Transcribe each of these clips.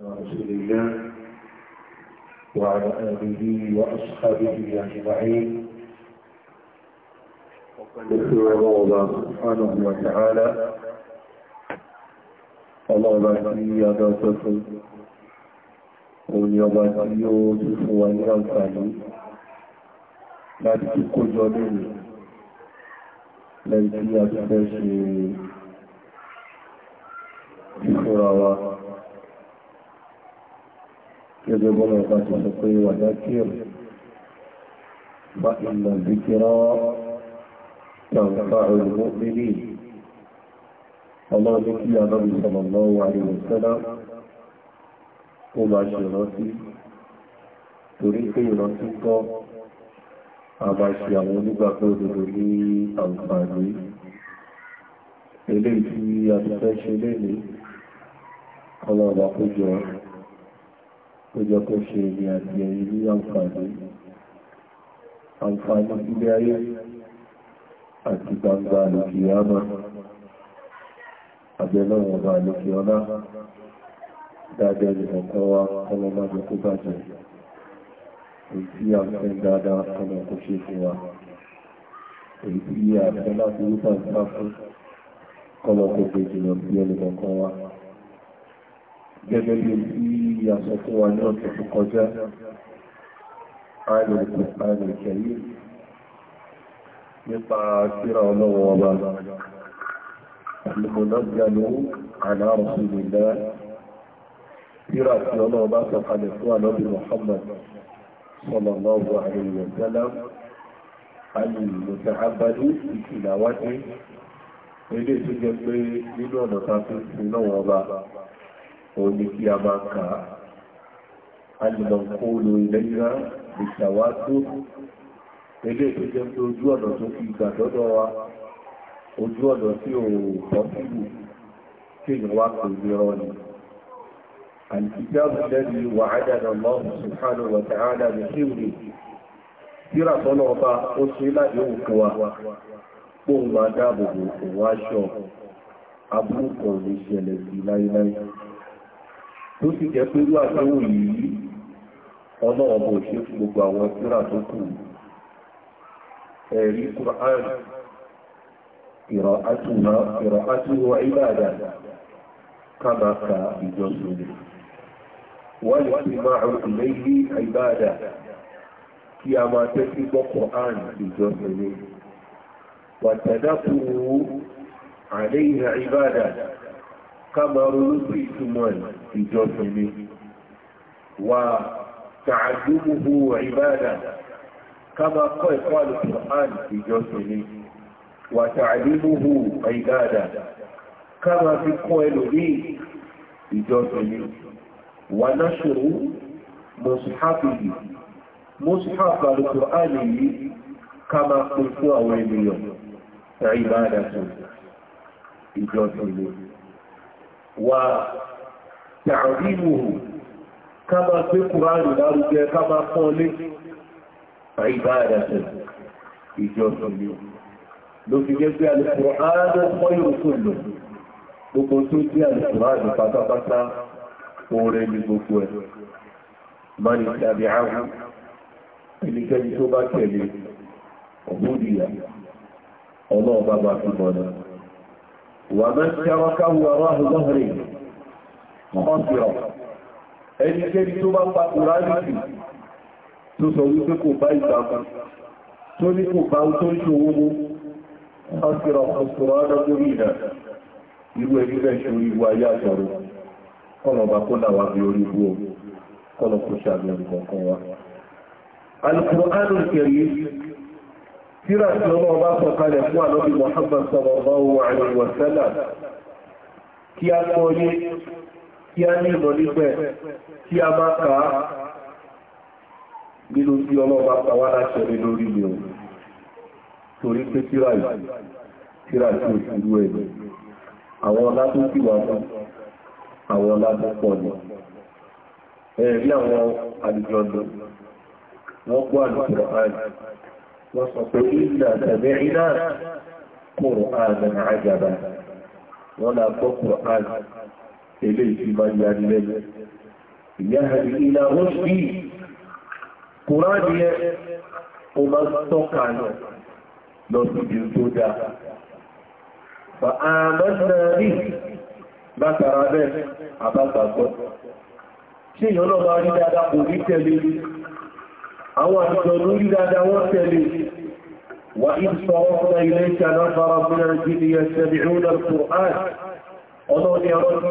رسول الله وعلى آله وأصحابه أجمعين ذكر الله سبحانه وتعالى ọlọ́ọ̀bá tí yàdá tuntun òní ọba tí ó tún fún wa ní àǹfààní láti tí kó jọ lórí lẹ́yìn tí a ti fẹ́ ṣe ìfúra wa gẹ́gẹ́ bọ́lá ọba ti sọ pé wàdá kírù bá ìlà zikirọ́ tàǹfà òyìnbó mílì ọlọ́run kí anábì sọ̀rọ̀ lọ́wọ́ wà ní ìwòsẹ́lá ó máa ṣe ìrántí torí pé ìrántí ń kọ́ a máa ṣe àwọn onígbàgbọ́ òdodo ní àǹfààní eléyìí tí a ti fẹ́ ṣe lénìí ọlọ́run àkójọ rẹ̀ tó jọ kó ṣe ìrìn àti ẹ̀yìn ní àǹfààní àǹfààní ilé ayé àti gbangba àlòkì àmà àbẹ́lọ́wọ̀n ọba àlòkì ọlá dáadẹ́ ìrọ̀kọ́ wa ọlọ́mọdé kó bàjẹ́ èyí tí a fẹ́ dáadáa ọmọ kó ṣe fún wa èyí tí a fẹ́ láti rúbà ń bí ẹnìkọ̀ọ̀kan a sọ fún wa ní ọ̀tọ̀ tó kọjá alìkẹ̀yí nípa síra ọlọ́wọ́ ọba alìmọ̀lọ́gbẹ̀lú aláàrùsù nìlá síra tí ọlọ́wọ́ bá sọ̀kalẹ̀ fún alọ́bí Muhammad sallallahu alayhi wa sallam alìmọ̀tàbàdú ìtìlàwádé ilé òun ni kí a máa kà á alìmọ̀kóòlò ìlẹ́yìnrá ìṣàwá tó ilé tó jẹ́ pé ojú ọ̀nà tó fi gbà dọ́dọ̀ wa ojú ọ̀nà tí ò pọ̀síwò tí èèyàn wá kò ní ọ ni alìkìjáàbù lẹ́nu wà ádàdà lọ́wọ́ subhanahu abúrúkọ̀ ní ṣẹlẹ̀ sí láíláí tó sì jẹ́ pé wà tó wù yìí ọlọ́ọ̀bọ̀ òṣè gbogbo àwọn ìpínlẹ̀ tó kù ẹ̀rí Qur'an ìrọ̀átúwọ̀ ìbáadà kábàkà máa rùn lẹ́yìn ìbáadà kí a máa tẹ́sí ká máa ìjọsìn ni wà tààdúgbò ìbáàdà kábà kọ́ ẹ̀kọ́ alùpùpùpán ìjọsìn ni wà tààdúgbò ìbáàdà kábà fi kọ́ ẹlòmí ìjọsìn ni wà náṣòro mọ̀sùháfìdì mọ̀sùháfì alùpùpùpán yìí kábà pín fún àwọn ènìyàn ìbáàdà tó ìjọsìn ni wà تعظيمه كما في القرآن الأرض كما قال عبادة إجابة اليوم لو تجد القرآن خير كله gbogbo tó jẹ́ pátápátá oore ní gbogbo ẹ̀ mani tàbí ààrùn ọ̀pìrọ̀ ẹni kẹ́ni tó bá pa kùránìtì tó sọ wípé kò bá ìgbàmù tó ní kò bá tó ń ṣe owó ọ̀pìrọ̀ ọ̀pìrọ̀ ọ̀dọ́gbórí ìdá irú ẹni Tíra tí ọlọ́wọ́ bá sọ kalẹ̀ fún àlọ́bí Muhammad sallallahu alaihi wa sallam kí a kọ́ ní kí a ní ìmọ̀ nípẹ̀ kí a máa kàá nínú tí ọlọ́ọ̀bá pàwà láṣẹ ní lórí mi ò torí pé tíra ìsì tíra ìsì òṣìlú ẹ̀mí àwọn ọlá tó sì wà fún wọ́n la gbọ́ kòrò ilé ìfìbá yàrí lẹ́nu ìyáhàrí ilá rọ́ṣbí kùránì ẹ o máa tọ́ka náà lọ sí ibi tó dáa fa àmọ́sà rí látara bẹ́ẹ̀ àbágbàgbọ́ ṣe èèyàn náà máa rí dáadáa kò ní tẹ̀lé àwọn àjọ lórí dáadáa wọ́n tẹ̀lé وإذ صرفنا إليك نفرا من القرآن ọlọ́ni ọlọ́ni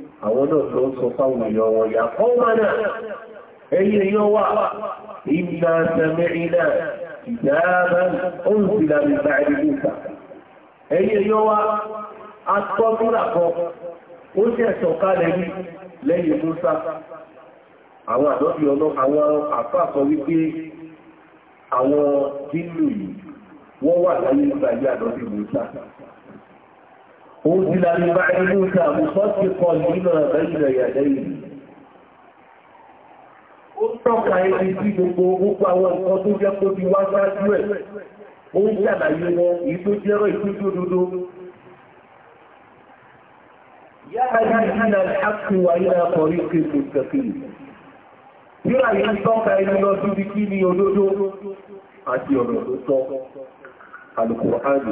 àwọn náà lọ sọ fáwọn èèyàn wọn yà kọ́ mọ́nà ẹ̀yìn èèyàn wà ìgbà sẹ̀mẹ́rìnà ìdáàbà ó ń sì lábí bá wà ó ní lẹ́yìn Musa أنزل من بعد موسى مصدقا لما بين يديه Ó tọ́ka ẹni tí gbogbo gbogbo àwọn nǹkan tó jẹ́ kó ti wá sáájú ẹ̀. Ó ń ṣàlàyé wọn èyí tó jẹ́rọ ìtújú òdodo. Yára yìí nínú àkùnwà yára kọrí ni àti ọ̀rọ̀ tó tọ́. Àlùkò áàdù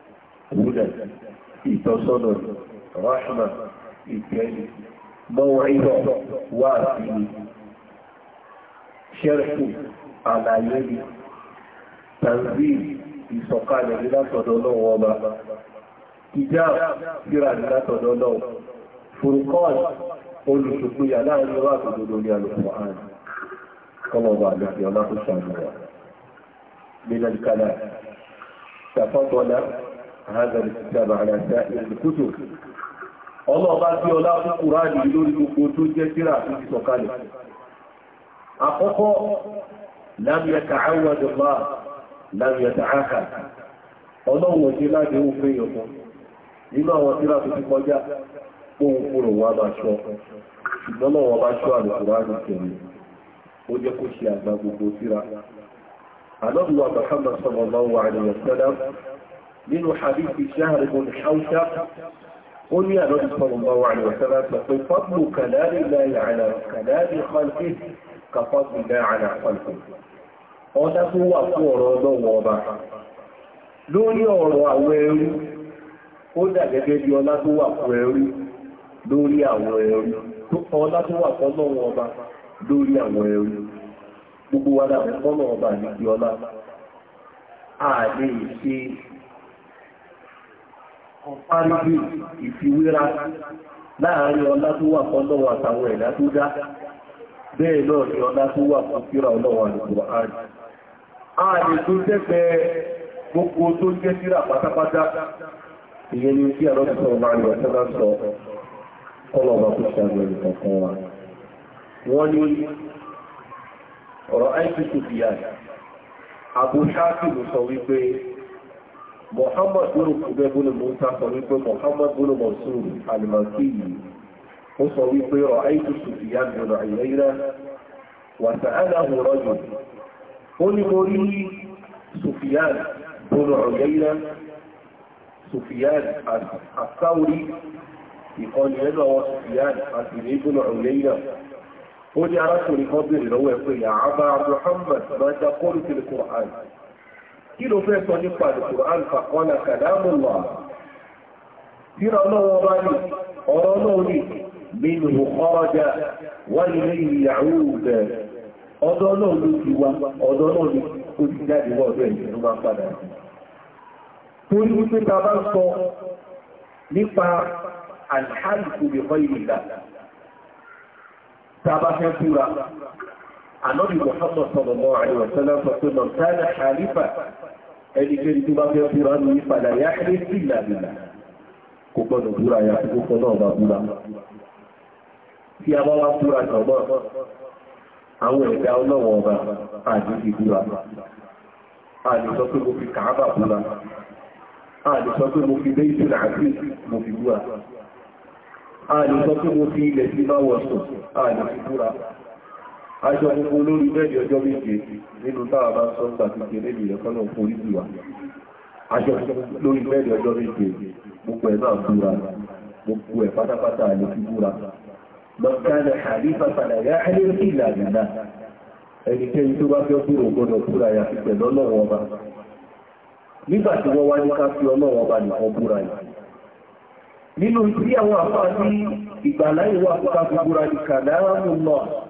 húdà ìtọ́sọ́nà rahma ìtẹ́lẹ̀ mọ́wàílọ̀ wà sí ṣẹ́rẹ̀kù àlàyé ni tàbí ìsọ̀kalẹ̀ látọ̀dọ̀ náà wọ́n bá ìjá síra látọ̀dọ̀ náà furukọ́n olùsùgbúyà láàrin wà tòdòdó ní alùpùpù àárín kọmọba àgbàgbà ọlá tó من الكلام تفضل هذا الكتاب على سائر الكتب ọlọ́ọ̀bá tí ọlá fún kùránì lórí gbogbo tó jẹ́ tírà tó ti sọ̀kalẹ̀. àkọ́kọ́ lámìẹta àwọ̀dọ̀lá lámìẹta àkà ọlọ́wọ̀ tí láti ó fẹ́ yọ̀kan nínú àwọn tírà tó ti kọjá ohun kúrò wà bá ṣọ́ ṣùgbọ́n náà wọ́n bá ṣọ́ àlùkùránì kẹrin ó jẹ́ kó ṣe àgbà gbogbo tírà nínú hadithi Shahr ibn Hawshab ó ní àlọ́dí sallallahu alaihi wa sallam pé fọ́pù kàdáàrí láyà àlà kàdáàrí khalqi kàfọ́pù láyà àlà khalqi ọdá tó wà fún ọ̀rọ̀ ọlọ́wọ́ ọba lórí ọ̀rọ̀ àwọn ẹrú ó bí ọlá tó wà fún lórí àwọn ọba lórí àwọn gbogbo fún ọba kọ̀párígbì ìfiwéra láàárín ọlá tó wà fún lọ́wọ́ àtàwọn ẹ̀dá tó dá bẹ́ẹ̀ náà ni ọlá tó wà fún kíra ọlọ́wọ́ ààrẹ tó gbogbo tó jẹ́ síra pátápátá ìyẹn ni kí àrọ́sọ̀ ọmọrin sọ Shafi sọ wípé Muhammad bínú kúbẹ́ bínú Musa sọ wípé Muhammad bínú Mansur alimaki yìí ó sọ wípé ọ̀ àìsù Sufyan bínú àìyẹ́yẹ́rẹ́ wàtà aláhùn rọ́jò ó ní mo rí Sufyan bínú àìyẹ́yẹ́rẹ́ Sufyan àsáwórí ìkọlù ẹnu àwọn Sufyan àti ìrẹ́gbẹ̀nù àìyẹ́yẹ́rẹ́ ó ní arákùnrin kan bèrè lọ́wọ́ ẹ̀ pé yàrá bá Muhammad máa dá kọ́lù sí Kùrán kí ló fẹ́ sọ nípa Al-Qur'an faqala kalamullah tíra ọlọ́wọ́ bá ní ọ̀rọ̀ náà ní minhu kharaja wa ilayhi ya'ud ọ̀dọ̀ náà ló ti wá ọ̀dọ̀ náà ló kó ti jáde wọ́n ọ̀dọ̀ ìṣẹ́ ló máa ànọ́bì Muhammad sallallahu alaihi wa sọ pé mọ̀ àlífà ẹnikẹ́ni tó bá fẹ́ búra ní ìpadà yá sí ìlànà kò ya tó kọ́ náà bá búra tí a bá wá búra sọ̀mọ́ àwọn ẹ̀dá ọlọ́wọ̀ ọba àdìsí búra àdìsọ pé mo fi mo fi mo fi mo fi sí máa aṣọ gbogbo olórí bẹ́ẹ̀dì ọjọ́ méje nínú táwà bá sọ ń gbàtí kéré ìrẹ̀ kan náà forí sí wa aṣọ lórí bẹ́ẹ̀dì ọjọ́ méje gbogbo ẹ̀ náà búra gbogbo ẹ̀ pátápátá lè fi búra mọ̀kánà àrífà sàlàyé àrífì ìlànà ẹnikẹ́ni tó bá fẹ́ búrò gbọ́dọ̀ búra ya fi pẹ̀lú ọlọ́wọ́ ọba nígbà tí wọ́n wá ní ká fi ọlọ́wọ́ ọba nìkan búra yìí nínú tí àwọn àfáà ní ìgbàláyè wà fún ká fi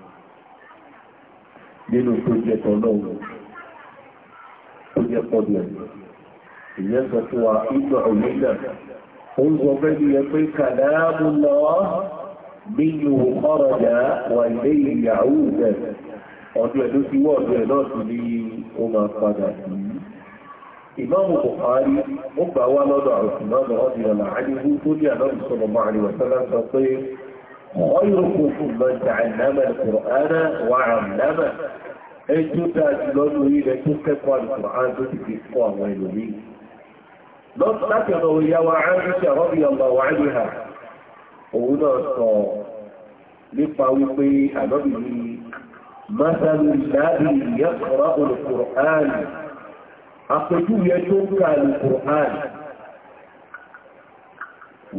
nínú tó jẹ́ tọ́lọ́wọ́ tó jẹ́ pọ́dùn ìyẹn sọ fún wa ìgbà òmìnà ó ń sọ fẹ́ yẹ pé kàdáàmù lọ nínú ọ̀rọ̀dà wà ilé ìyàwó rẹ̀ ọdún ẹ̀dún sí wọ́ọ̀dún ẹ̀ náà tún ní ó máa padà sí ìmáàmù Bukhari ó gbà wá lọ́dọ̀ àwọn ìmáàmù ọdún ọ̀nà àdínkù tó ní àlọ́ máa rí wọ̀sán sọ pé ọ̀yọ̀kù من تعلم القرآن ìkùrọ̀ánà wà àmàmà ẹjọ́ dájú lọ́dún orí rẹ̀ tó kẹ́kọ̀ọ́ ìkùrọ̀án tó ti fi kọ́ àwọn ìlòmí láti ọ̀nà òyà wa àáríṣà rọ́bì ọmọ wà ní ha òun náà sọ nípa wípé àlọ́bì ní mọ́sálù ìdábì ìyẹ́kọ̀ọ́ olùkùrọ̀án àpèjúwe tó ń ka olùkùrọ̀án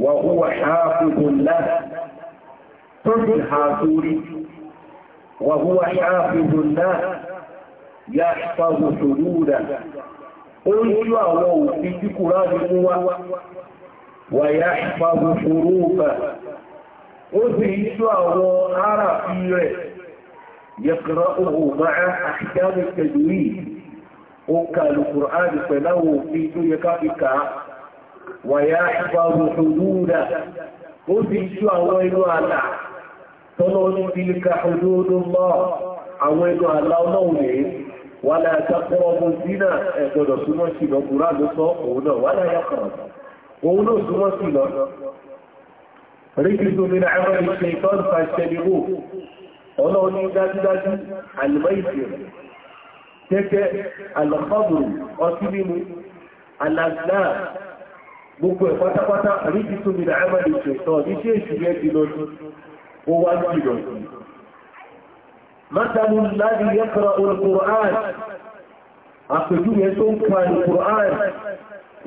wà hùwà ṣáàbùdùn láti tó sì ha sórí wà húwa ìhàfihù náà yá ìfàwò sòrúdà ó ń jú àwọn òfin tí kùrá ní mú wá wà yá ìfàwò sòrúfà ó sì ń jú àwọn ara fi rẹ̀ yẹ̀kọ̀rọ̀ ohun máa àṣìjáde pẹ̀lú yìí ó ka lùkùránì pẹ̀láwò òfin tó yẹ tọ́lọ́rin ilẹ̀ka òdúdúnlọ́ àwọn ẹnu àlá ọlọ́run rẹ̀ wà láà tapọ̀ ọmọ sínà ẹ̀gbọ́dọ̀ súnmọ́ sí lọ kúrò àlọ́sọ òun náà wà láà yàkọ̀rọ̀ òun náà súnmọ́ sí lọ ríkìtò mi náà ẹ̀rọ ìṣe ìtọ́jú ó wá jùlọ mátàlù láti yẹ́kọ̀ọ́ olùkùrán àpèjúwe tó ń pa olùkùrán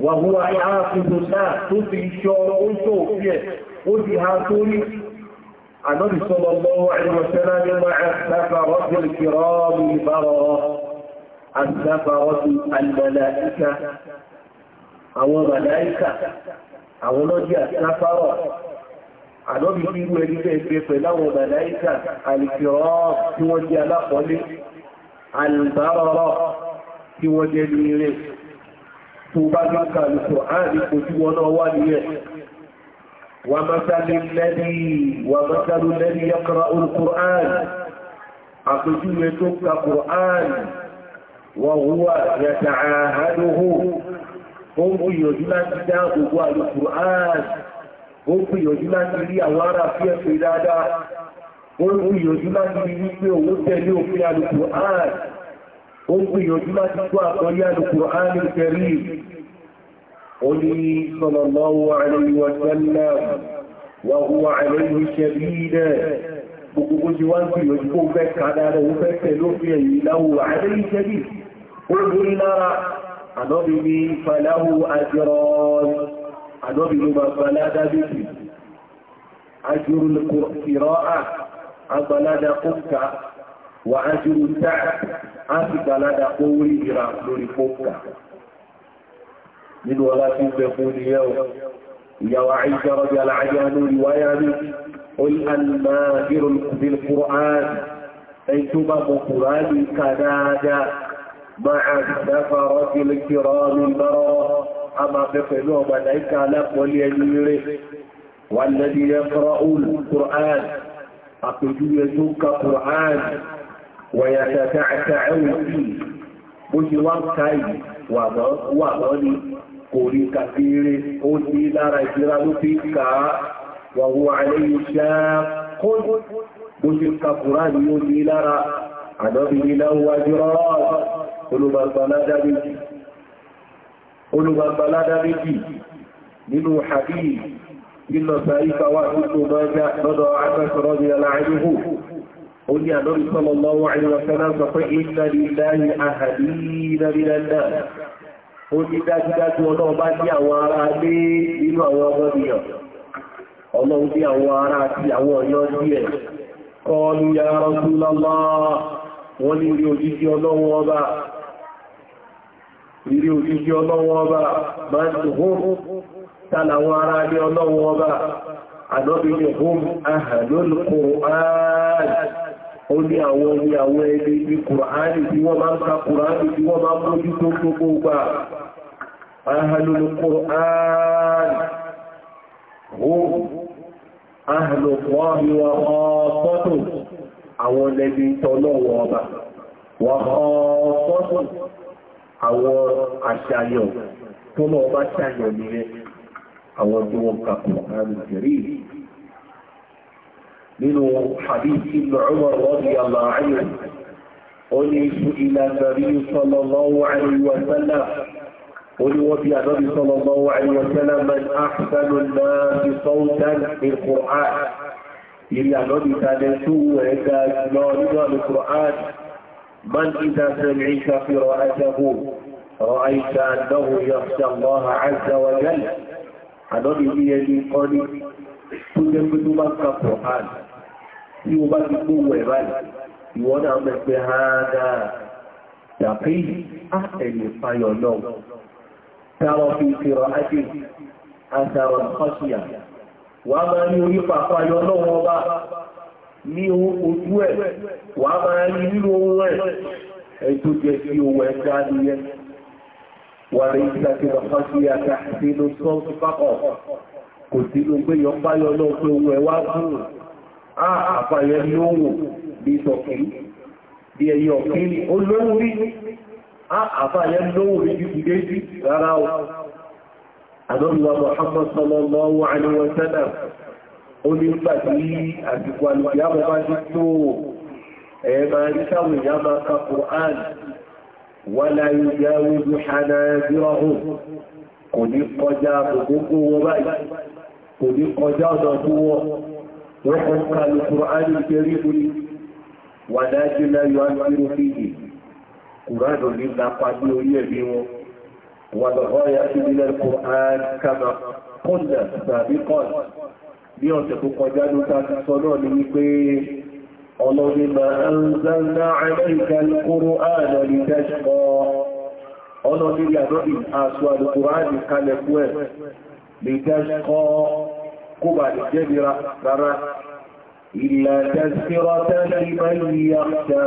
wà hùwà ààfihàn náà tó fi ṣọ́ ó tó òfin àlọ́bí ní irú ẹni tẹ́ ṣe pẹ̀láwọn màláíkà alìkìrọ́ tí wọ́n jẹ́ alápọ̀lé alìbárọ̀rọ̀ tí wọ́n jẹ́ ní ilé tó bá lọ́kà lùsọ̀ ààrí kò tí wọ́n náà wà nílẹ̀ wà mọ́sálù lẹ́ni yẹ́kọ̀rọ̀ olùkùrán àpèjúwe ó ń gbìyànjú láti rí àwọn ará fi ẹ̀fẹ́ dáadáa ó ń gbìyànjú láti rí wípé owó tẹ̀lé òfin alùpù ààrẹ ó ń gbìyànjú láti tó àkọlé alùpù ààrẹ tẹ̀lé ó ní sallallahu alaihi wa sallam wa huwa alaihi shadid àdọ́bì ló máa gba ládá méjì ajúrú ìrọ́à agbalada kókà wà ajúrú táà á sì gbalada kó wí ìrà lórí kókà nínú ọlá tí ń bẹ fún níyàwó ìyàwó àìjọ rọ́bí aláàjá lórí wáyá ní orí alìmọ̀ àgbérò kúrò áàdì ẹni tó bá mọ̀ kùránì مع السفرة الكرام البررة أما بقلوا ملائكة لك وليميره والذي يقرأ القرآن أقجو يزوك قرآن ويتتعتع فيه بجوابتين وضعني قولي كثير قولي لا رجل فيك وهو عليه شاق بجوابتين قرآن يولي لرى أنا به له أجرات olùgbàgbàládá méjì nínú hàbí nínú sàífà wà nínú mọ́já lọ́dọ̀ agbẹ́sọ̀rọ̀ ní aláàrínhù ó ní àdọ́rí sọ́lọ́lọ́wọ́ àìrọ̀sẹ́lá sọ pé ìnàrí láyé àhàdí ìrẹ́rẹ́lẹ́dà ó ní dájúdájú ọlọ́run bá ní àwọn ará lé nínú àwọn ìrí òjíjí ọlọ́wọ́ ọba máa ń hùn tàlàwọn ará ní ọlọ́wọ́ ọba àdọ́bìnrin hùn ahàlólùkùn ààrẹ ó ní àwọn ní àwọn ebe ní kùránì tí wọ́n máa ń ka kùránì tí wọ́n máa ń mójú gbogbo gbà ahàlólùkùn ààrẹ àwọn àṣàyàn tó lọ bá ṣàyàn nìyẹn àwọn tí wọ́n ka Kùránì jẹ̀rí nínú hadith ibn Umar radiyallahu anhu ó ní ila Nabiy sallallahu alaihi wa sallam ó ní wọ́n bí Nabiy sallallahu alaihi wa sallam man ahsanu an من إذا سمعت قراءته رأيت أنه يخشى الله عز وجل àdọ́dì bí ẹni kọ́ ní tó jẹ́ pé tó bá ka Kùránì tí o bá ti kó wẹ̀ báyìí ìwọ́n náà mẹ́ pé ha dáa dàpé ẹni fayọ̀ náà táwọn fi kìrọ̀ ájé àtàrọ̀ kọ́síyà wà máa ní orí pàpáyọ̀ náà wọ́n bá ní ojú ẹ̀ wà máa rí nínú ohun ẹ̀ ẹ̀tọ́ jẹ́ sí owó ẹ̀kọ́ adìyẹ wà rí ìtàkì bàbá sí àtà sínú sọ́ọ̀tù pápọ̀ kò sínú pé yọ báyọ̀ náà pé ohun ẹ̀wà bùn àfàyẹ lóhùn bí tọ̀kì bí ẹ̀yẹ bí kùdé ó ní ń pàdé àdìkò alùpùyàmọ́ bá ti tó ẹ̀ẹ̀mà ìṣàwọn ìyàmà ka Qur'an wà láyé ìyàwó ìhànà ẹgbẹ́rọ̀hùn kò ní kọjá gbogbo wọn báyìí kò ní kọjá ọ̀nà tó wọ́n wọ́n kọ́ kàlù Qur'an ìkẹrí fún wà láyé láyé àgbẹ̀rọ̀ kọ́nà bí ọ̀sẹ̀ tó kọjá ló ta ti sọ náà ni wípé ọlọ́rin ma ń zanna àmẹ́ríkà lókòrò ààrẹ ní dẹ́ṣọ́ ọlọ́rin yàtọ̀ àṣọ àlùkòrò ààrẹ kalẹ̀ fún ẹ̀ lè dẹ́ṣọ́ kó bà lè jẹ́bìra rárá ilẹ̀ tẹ́sírọ́ tẹ́lẹ̀ ìmẹ́lìyàtà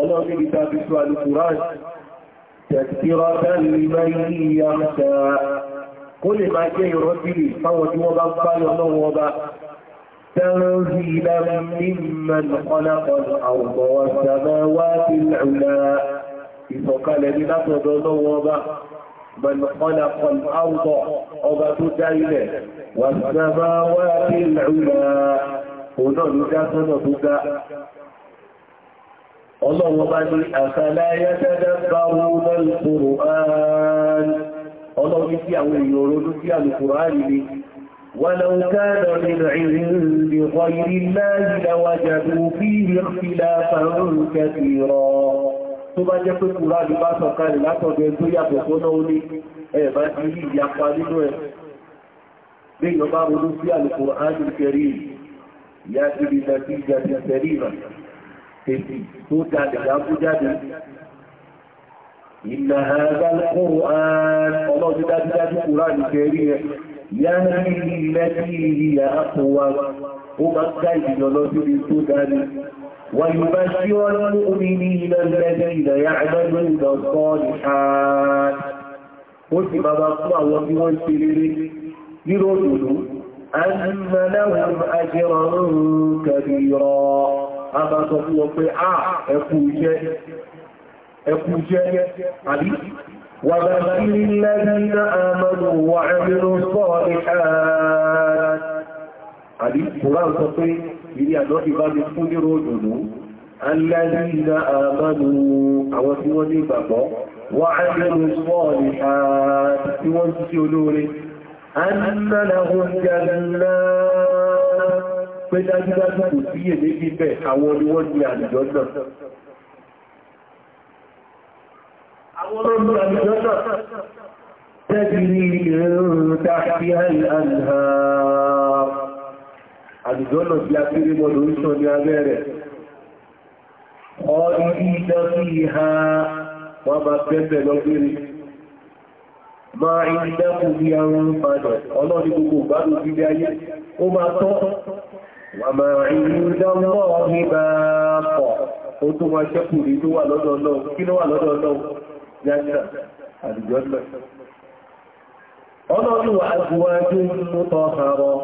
ọlọ́rin ìtàbí sọ àlùkòrò ààrẹ tẹ́sírọ́ tẹ́lẹ̀ ìmẹ́lìyàtà kó lè máa jẹ́ ìrọ́bìrì fáwọn tí wọ́n bá ń bá lọ lọ́wọ́ ọba تنزيلا ممن خلق الأرض والسماوات العلا ìsọ̀kalẹ̀ ní látọ̀dọ̀ lọ́wọ́ ọba mẹ́lùkọ́lá ọ̀pọ̀ ọba ọlọ́run tí àwọn èèyàn ronú sí àlùkùránì ni ولو كان من عند غير الله لوجدوا فيه اختلافا كثيرا tó bá jẹ́ pé kùránì bá sọ̀kalẹ̀ látọ̀dọ̀ tó yàtọ̀ tó náà ní ẹ̀bá ti rí ìyapa nínú ẹ̀ bí إن هذا القرآن الله جدا القرآن الكريم يهدي التي هي أقوى ومكايد لنصر السودان ويبشر المؤمنين الذين يعملون الصالحات قلت ما بقى وفي والسرير لرجل أن لهم أجرا كبيرا أما تقول آه أقول شيء ẹkù jẹ́ àbí وَبَشِّرِ الَّذِينَ آمَنُوا وَعَمِلُوا الصَّالِحَاتِ Àdí Kùrán sọ pé ilé àdọ́dì bá ní fún nírò òdòdó, الَّذِينَ آمَنُوا àwọn tí wọ́n ní ìgbàgbọ́, وَعَمِلُوا الصَّالِحَاتِ tí wọ́n ti ṣe olóore. أَنَّ لَهُمْ جَنَّاتٍ تجري من تحتها الأنهار àdìjọ́nà tí a kéré mọ́lò ìṣọ́ ní abẹ́rẹ̀ ọdí ìjọ sí ìhà wọ́n bá pẹ́pẹ́ lọ́gbẹ́rẹ̀ máa ìdẹ́kù bí arun padà ọlọ́dí gbogbo gbádùn ilé ayé ó máa tọ́ wà máa jẹ́ṣẹ̀ àdìjọ́ṣẹ̀ ọlọ́run wà agbúwájú mútọ́ ọ̀sàrọ̀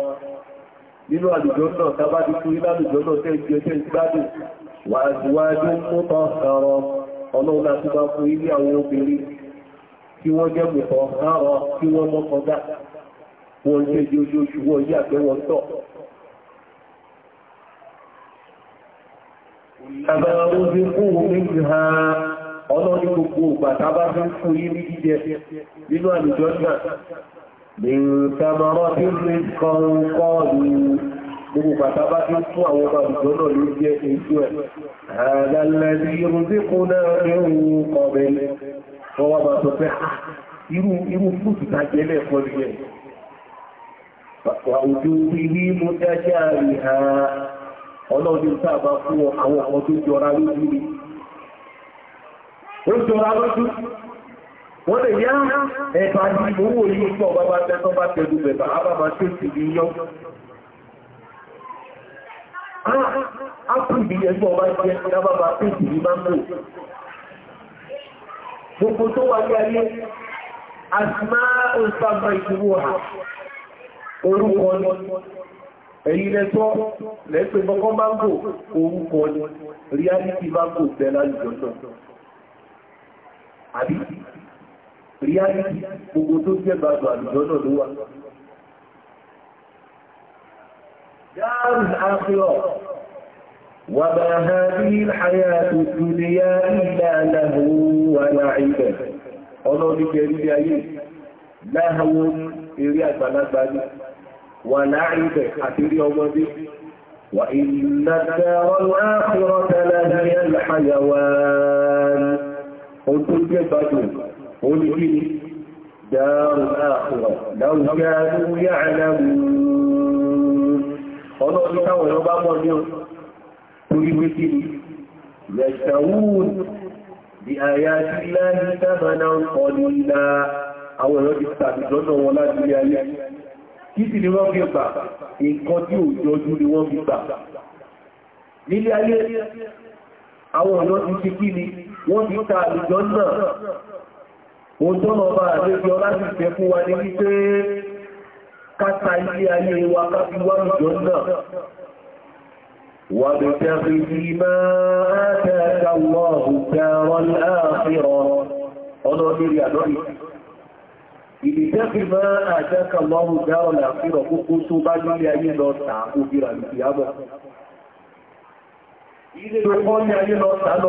nínú àdìjọ́ṣẹ̀ tàbátí fún ìlànìjọ́ṣẹ̀ tẹ́ jẹ́ ìgbádùn wà agbúwájú mútọ́ ọ̀sàrọ̀ ọlọ́run láti bá fún ilé àwọn obìnrin tí wọ́n jẹ́ mútọ́ ọ̀sàrọ̀ tí wọ́n mọ́kànlá wọ́n jẹ́ ojoojúwọ́ wọ́n yà pé wọ́n Àbẹ̀rẹ̀ òun fi kú ní ìhà ọlọ́rí gbogbo ògbàtà bá fún fún yí ní jíjẹ nínú àlùjọ náà bèèrùsàmọ́rọ́ tí rí kọrùnkọrù gbogbo bàtà bá tí fún àwọn ọmọ àlùjọ náà ló jẹ́ èso ẹ̀ àdàlẹ́bí irúndínkù náà rẹ̀hùn kọ̀bẹ̀ wọ́n wá máa sọ pé ah, irú irú fúùtù ní ẹ̀ wàwùjú ilé mú dájá rí ọlọ́dún sáà fún àwọn ọmọ jọra lójú rí ó jọra lójú wọ́n lè yá ẹ̀bà ní owó yìí pọ̀ bàbá tẹ́tọ́ bá tẹ́lú bẹ̀bà àbábá tí ó sì ní yọ́ ápùdì ẹgbọ́ bá jẹ́ lábábá tí ó sì ní máa gbogbo tó wà ní ayé àsìmá òṣàgbà ìṣòro hà orúkọ ni ẹ̀yìn lẹ́tọ́ lẹ́pẹ̀ mọ́kọ́ mángò orúkọ ni reality mángò tẹ́lá ìjọ àbí reality gbogbo tó jẹ́ gbàgbà àlùjọ náà ló wà dáàrùn àfihàn wà bá ha bí àyà tuntun ni yá ìlà láhùn wà láìbẹ̀ ọlọ́díkẹ̀ ilé ayé láhùn eré àgbàlagbà ní wà láìbẹ̀ àti rí ọmọdé وإن الدار الآخرة لهي الحيوان ohun tó jẹ́ gbádùn òun ni kí ni dáàrù àkùrọ̀ dáàrù gáàrù yà àlàmù ọlọ́run táwọn ẹ̀rọ bá mọ̀ ní ọ torí wé kí ni yẹ̀ṣàwùn bí àyà sí láyé sábàná ọ̀pọ̀ nílá àwọn ẹ̀rọ ti tàbí lọ́nà ni wọ́n fi gbà nǹkan tí ò jọjú ni wọ́n fi gbà nílé ayé àwọn ọ̀nà ti ṣe kí ni wọ́n ti ta àlùjọ náà o tó lọ bá àlejò láti fẹ́ fún wa ní wípé káta ilé ayé wa káfí wá àlùjọ náà wà lè tẹ́rì sí máa tẹ́ẹ̀kà wọ́n ọrụ láàfíọ́ ọlọ́dẹ́rì àlọ́rì ìdìtẹ́fì máa kókó tó bá ayé lọ tàà kó ilé ní ayé lọ tàà lọ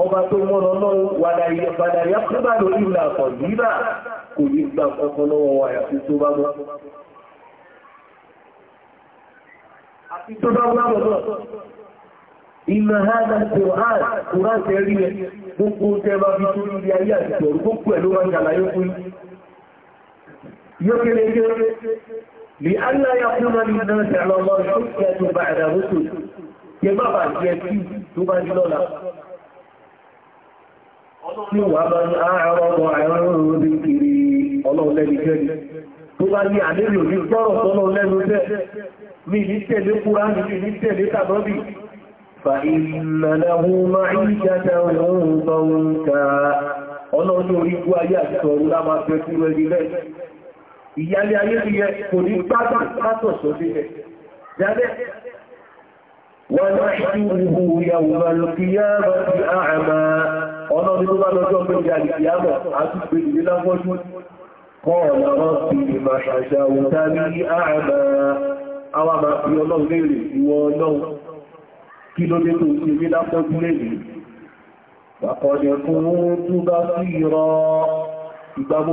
ọba tó mọ́nà náà wàdà yàkúbà lórí ìlà àkọ̀díbà kò ní gbà kankan lọ́wọ́ wa àti tó bá mọ́. àti tó bá mọ́ náà ìmọ̀ hádà kòhán kòhán tẹ́ rí ẹ gbogbo tẹ́ bá fi tó rí ayé àtìkọ̀ gbogbo ẹ̀ ló máa ṣàlàyé fún yóò kéré kéré lè alá yàkúmọ̀ ní náà tẹ̀lọ́mọ́ ìṣòkè tó bá ẹ̀dà rútù yẹ bá bàjẹ́ tí tó bá jí lọ́la tí wà bá ní àárọ̀ àìrọ̀rùn dìkìrì ọlọ́ọ̀lẹ́nìkẹ́ni tó bá ní àlérò ní tọ́rọ̀ tọ́lọ́ lẹ́nu tẹ́ mi ní tẹ̀lé kúránì mi ní tẹ̀lé tàbọ́bì fàìlẹ̀lẹ́hùn máa ń jẹ́ta òun tọ́run ká ọlọ́ọ̀lẹ́ ti yẹ ọ̀nà ní tó bá lọ́jọ́ pé ní àdìyàmọ̀ àti pé ìlú lágbọ́jú kọ́ọ̀lá wọ́n fi ìmọ̀ àṣà òta ní àmà àwọn àmà fi ọlọ́run léèrè ìwọ ọlọ́run kí ló dé tó ti rí lápọ́jú léèrè wàkọ̀ọ̀dẹ̀ fún tó bá sí ìrọ ìgbàmù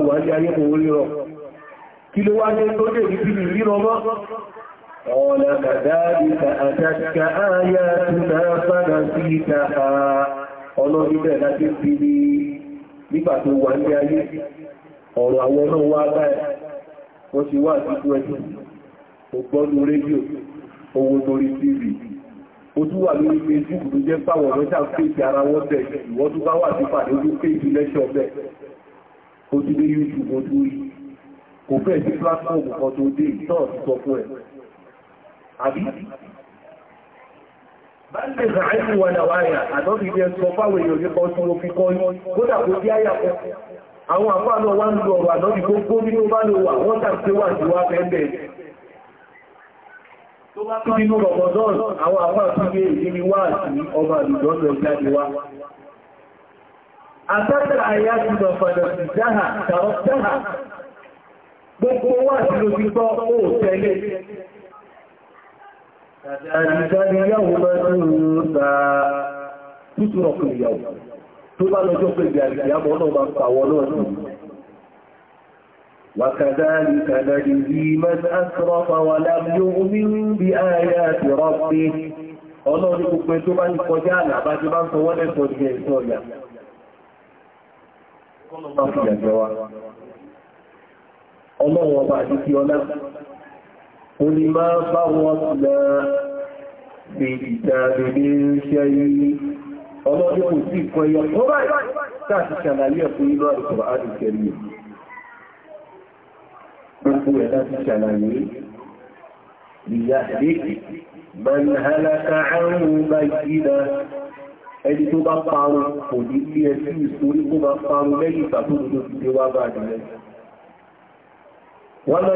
ọlọ́rílẹ̀ láti fi rí nígbà tó wà ní ayé ọ̀rọ̀ àwọn náà wá báyìí wọ́n ti wá àti ẹ̀dù ògbọ́nù rédíò owó torí tv ó tún wà lórí facebook tó jẹ́ páwọn ọ̀rọ̀ sáà pèsè ara wọ́n tẹ̀ ìwọ́n tún bá wà sí pàdé ojú pèsè lẹ́ṣọ̀ bẹ́ẹ̀ ó tún dé youtube ó rí kò fẹ́ sí platform kan tó dé ìtọ́ ọ̀sán fún ẹ̀ àbí Báńkì Ìsàáìsì wà náà wáyà, àdọ́bì ilé ẹ̀sùn ọfáwẹ̀ èèyàn ní kan tí mo fi kọ́ ní, kódà kò bí áyà kan. Àwọn àfáà náà wá ń lo ọ̀rọ̀ àdọ́bì gbogbo nínú bá lò wà, wọ́n tàbí wà sí wá bẹ́ẹ̀ Nínú Rọ̀mọ̀dán, àwọn àfáà tún gbé ìdíni wá sí ọba àdìjọ́jọ́ jáde wá. Àtàtà àyá ti lọ fàdà sí dáhà, tàrọ dáhà. Gbogbo Ìjọ ni yáwó bá ń gba títún ọkùn ìyàwó tó bá lọ́jọ́ pé ìgbà ìyàmọ́ náà bá ń pàwọ́ náà sí. وكذلك نجزي من أسرف ولم يؤمن بآيات ربه ọlọ́run gbogbo tó bá ń kọjá àlàbá tí bá ń fọwọ́ lẹ́kọ̀ọ́ ní ẹ̀ṣọ́ ọ̀yà ọlọ́run ọba àti kí ọlá قل ما فرطنا في كتاب من شيء الله يقول فيك ويقول تاتي شمالية طيبة القرآن الكريم يقول تاتي شمالية ليهلك من هلك عن بينه ẹni tó bá parun kò ní ilé ẹ̀sí ìsorí kó bá parun lẹ́yìn ìgbà tó dúdú ti wá bá jẹ́ wọ́n lọ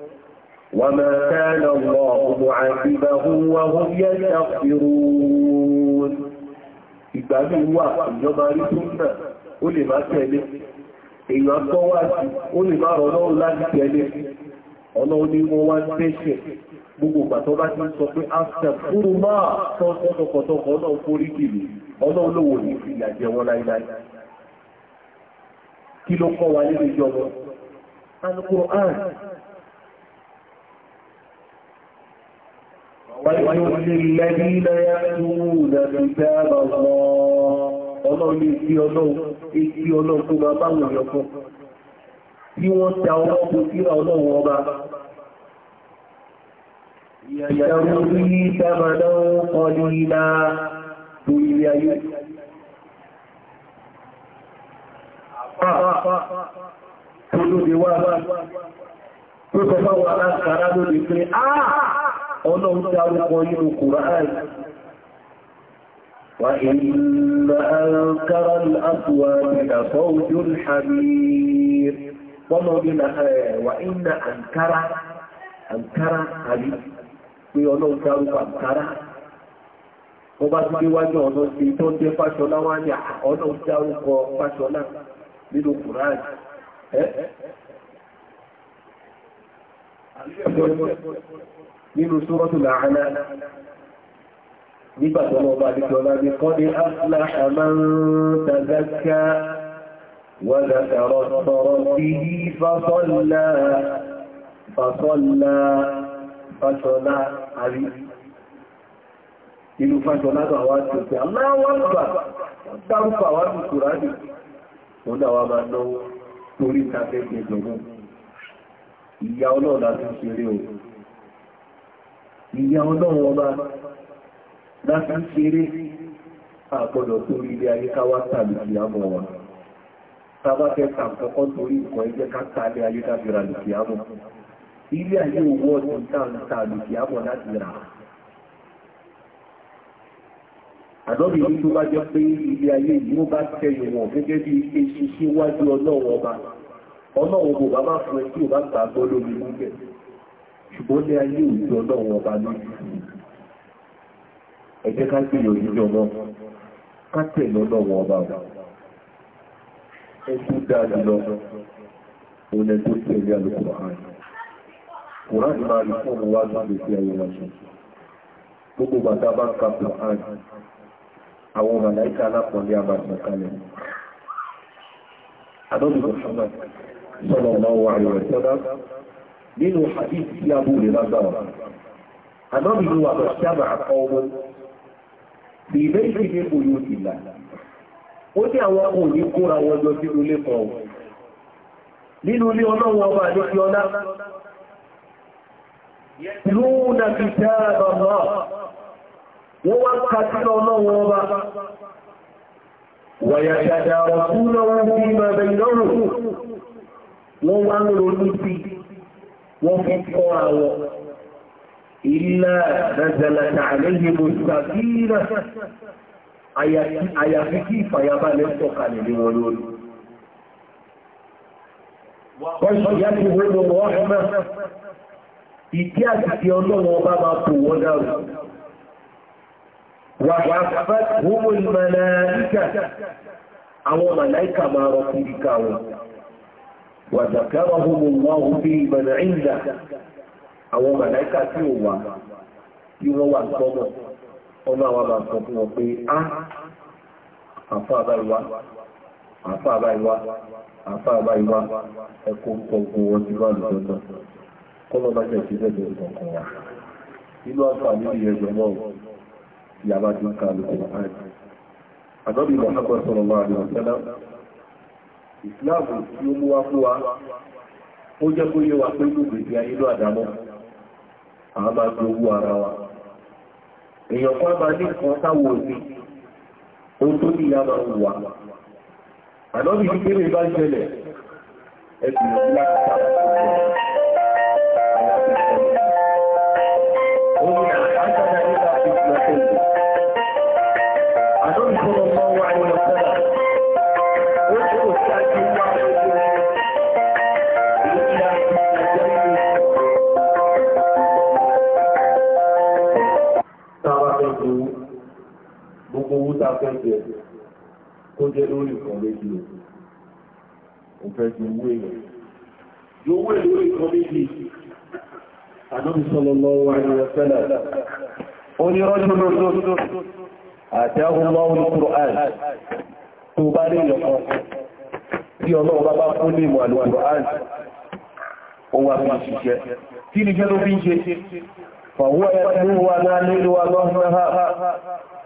وما كان الله معذبهم وهم يستغفرون ìgbàmí wà ìjọba rí súnnà ó lè máa tẹ̀lé èèyàn tó ji o ó ọ̀nà ó wa wọ́n gbogbo pàtọ́ bá ti sọ pé after fúrú máa ọ̀nà olówó ní wọn kí ló kọ́ wa ويؤذي الذين يأتون كتاب الله ọlọ́run ní ìfí ọlọ́run ìfí ọlọ́run tó máa báwọn èèyàn fún tí wọ́n ta ọwọ́ tó síra ọlọ́run ọba ìyàyàwó rí dámadá ọdún ilá tó ilé ayé tó lóde wá bá ọlọ́run dárúkọ nínú Kùránì وإن أنكر الأصوات لصوت الحبيب ومن وإن أنكر أنكر حبيب pé ọlọ́run dárúkọ àǹkárá wọ́n bá ti wájú ọ̀nà sí tó ń jẹ́ fásọlá wá ní ọlọ́run dárúkọ fásọlá nínú Kùránì ẹ́ nínú Suratul A'la nígbà tó lọ bá dìkọ̀ láti kọ́ ní aflaha man tazakka wa dhakara rabbihi fasalla fasalla fasalla àrí inú fasalla tó àwọn àti òkè aláwọ̀ àgbà àwọn àti kùránì ìyá ọlọ́run ọba láti ṣeré àgbọ̀dọ̀ torí ilé ayé káwá tàbí ìyàmọ̀ wa tàbá fẹ́ tàbí torí ìkọ̀ ẹgbẹ́ ká tàbí ayé tàbí ra lè fìyàmọ̀ ilé ayé owó ọdún tàbí fìyàmọ̀ láti rà àdọ́bì ní tó bá jẹ́ pé ilé ayé yìí ó bá tẹ̀yìn wọn gẹ́gẹ́ bí eṣiṣẹ́ wájú ọlọ́run ọba ọlọ́run kò bá bá fún ẹ tí ò bá gbàgbọ́ lórí mú bẹ́ẹ̀ ṣùgbọ́n ayé ìjọ ọlọ́run ọba lójú ẹ jẹ́ ká gbìyànjú jọ náà ká tẹ̀lé ọba ọba ẹ tó dáa jùlọ òun ẹ àlùkò àárín Quran máa rí fún wa láti fi ayé wa ṣe gbogbo bàtà bá ń ka Quran àwọn màláìka alápọ̀lé àbàtà kalẹ̀ Adọ́bí Muhammad sọ̀rọ̀ ọmọ wa àríwẹ̀ sọ́dá nínú hadith tí a bú rẹ̀ lágbára anábì ni wà lọ́sí àmà àkọ́wọ́ bí ilé ìṣẹ́ ní oyún ti là ó ní àwọn ọkọ̀ òní kóra wọn jọ sínú ilé kan nínú ilé ọlọ́wọ́ ọba àdókí ọlá lóòna fi dáadọ̀ náà wọ́n wá ń ka sínú ọlọ́wọ́ ọba wàyàdàdà ọ̀tún náà wọ́n fi máa bẹ̀rẹ̀ lọ́rùn wọ́n wá ń ronú sí i wọ́n fi kọ́ àwọ̀ ilá nàzàlàtà àlẹ́yẹ mọ̀sàkínà àyàfi kí ìfàyàbalẹ̀ sọ̀kalẹ̀ ní wọn lórí Wọ́ṣìyàtí wọ́n lọ wọ́ṣìmá, ìdí àti ọlọ́wọ́ bá wọ́n dáwò. wọ́n mọ̀ ìmọ̀lá ìkà, àwọn màláìkà máa وذكرهم الله في من عنده àwọn màláíkà tí ò wà tí wọ́n wà sọ́mọ̀ ọmọ àwọn àmà sọ fún wọn pé á àfá àbáyíwá àfá àbáyíwá àfá àbáyíwá ẹkùn kọ̀ọ̀kọ̀ wọn ti wà lọ́dọ̀ ìsìláàmù tí ó mú wá fún wa ó jẹ́ kó yé wa pé gbogbo ìgbé ayé ló àdámọ́ àwọn máa gbé owó ara wa èèyàn kan máa ní nǹkan táwọn òní ohun tó ní ìyá máa ń wà ànábì ní bá ń ṣẹlẹ̀ ẹ̀sìn láti ta gbogbo owó tá fẹ́ kó lórí méjì owó èèyàn lórí méjì wà ní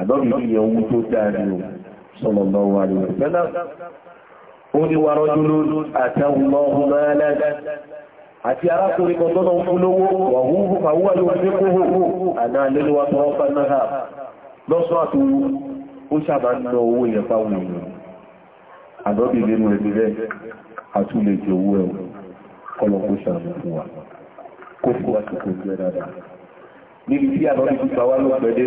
àdọ́bì yí owó tó dáadé o sallallahu alaihi wasallam ó ní wa rajulun atahu Allahu malan àti arákùnrin kan tọ́nà fún lówó wà húhù fàwúwà yóò fi kó hò àná lẹ́lúwà tó ọ́fà náà lọ́sọ́ àtòwú ó sábà ń lọ owó yẹn fáwọn èèyàn àdọ́bì nínú ẹbí wa kó fún wa tó kó jẹ́ dáadáa níbi tí àdọ́bì ti gbà wá lọ́pẹ́dẹ́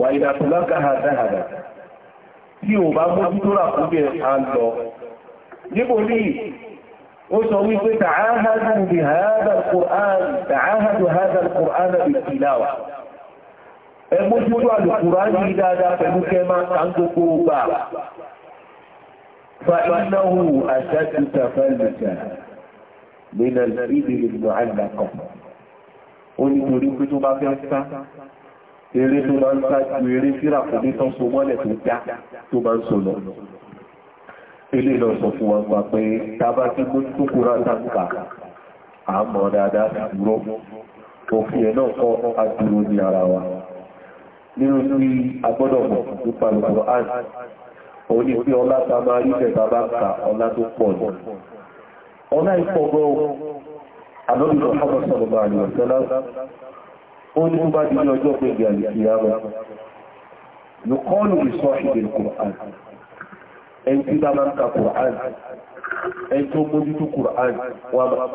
wà ìdàtọ̀lákàá dáadáa tí ò bá mú tó rà fún bí a lọ níbo ní ó sọ wípé tààhádùn bí hádà al-Qur'an bí tìláwà ẹmójúlò al-Qur'an yìí dáadáa pẹ̀lú kẹma kan gbogbo gbà فإنه أشد تفلتا من الإبل المعلقة. قل يريد ما في eré tó máa ń sáájú eré síra kò ní tán so tó dá tó máa ń lọ ilé lọ sọ fún wọn gbà pé tàbá tí tó kúrò àtàkà àmọ́ náà kọ́ adúró ní ara wa nínú sí agbọ́dọ̀ mọ̀ àn ní ọlá ta máa rí ọlá tó pọ̀ ọlá àdọ́bìnà ọmọ sọ̀rọ̀ ó ní bá di ọjọ́ pé ìgbà ìkìyàwó lùkọ́lù ìsọ́ ìdè kùrán ẹni tí bá máa ń ka kùrán ẹni tó mójú tó kùrán wà máa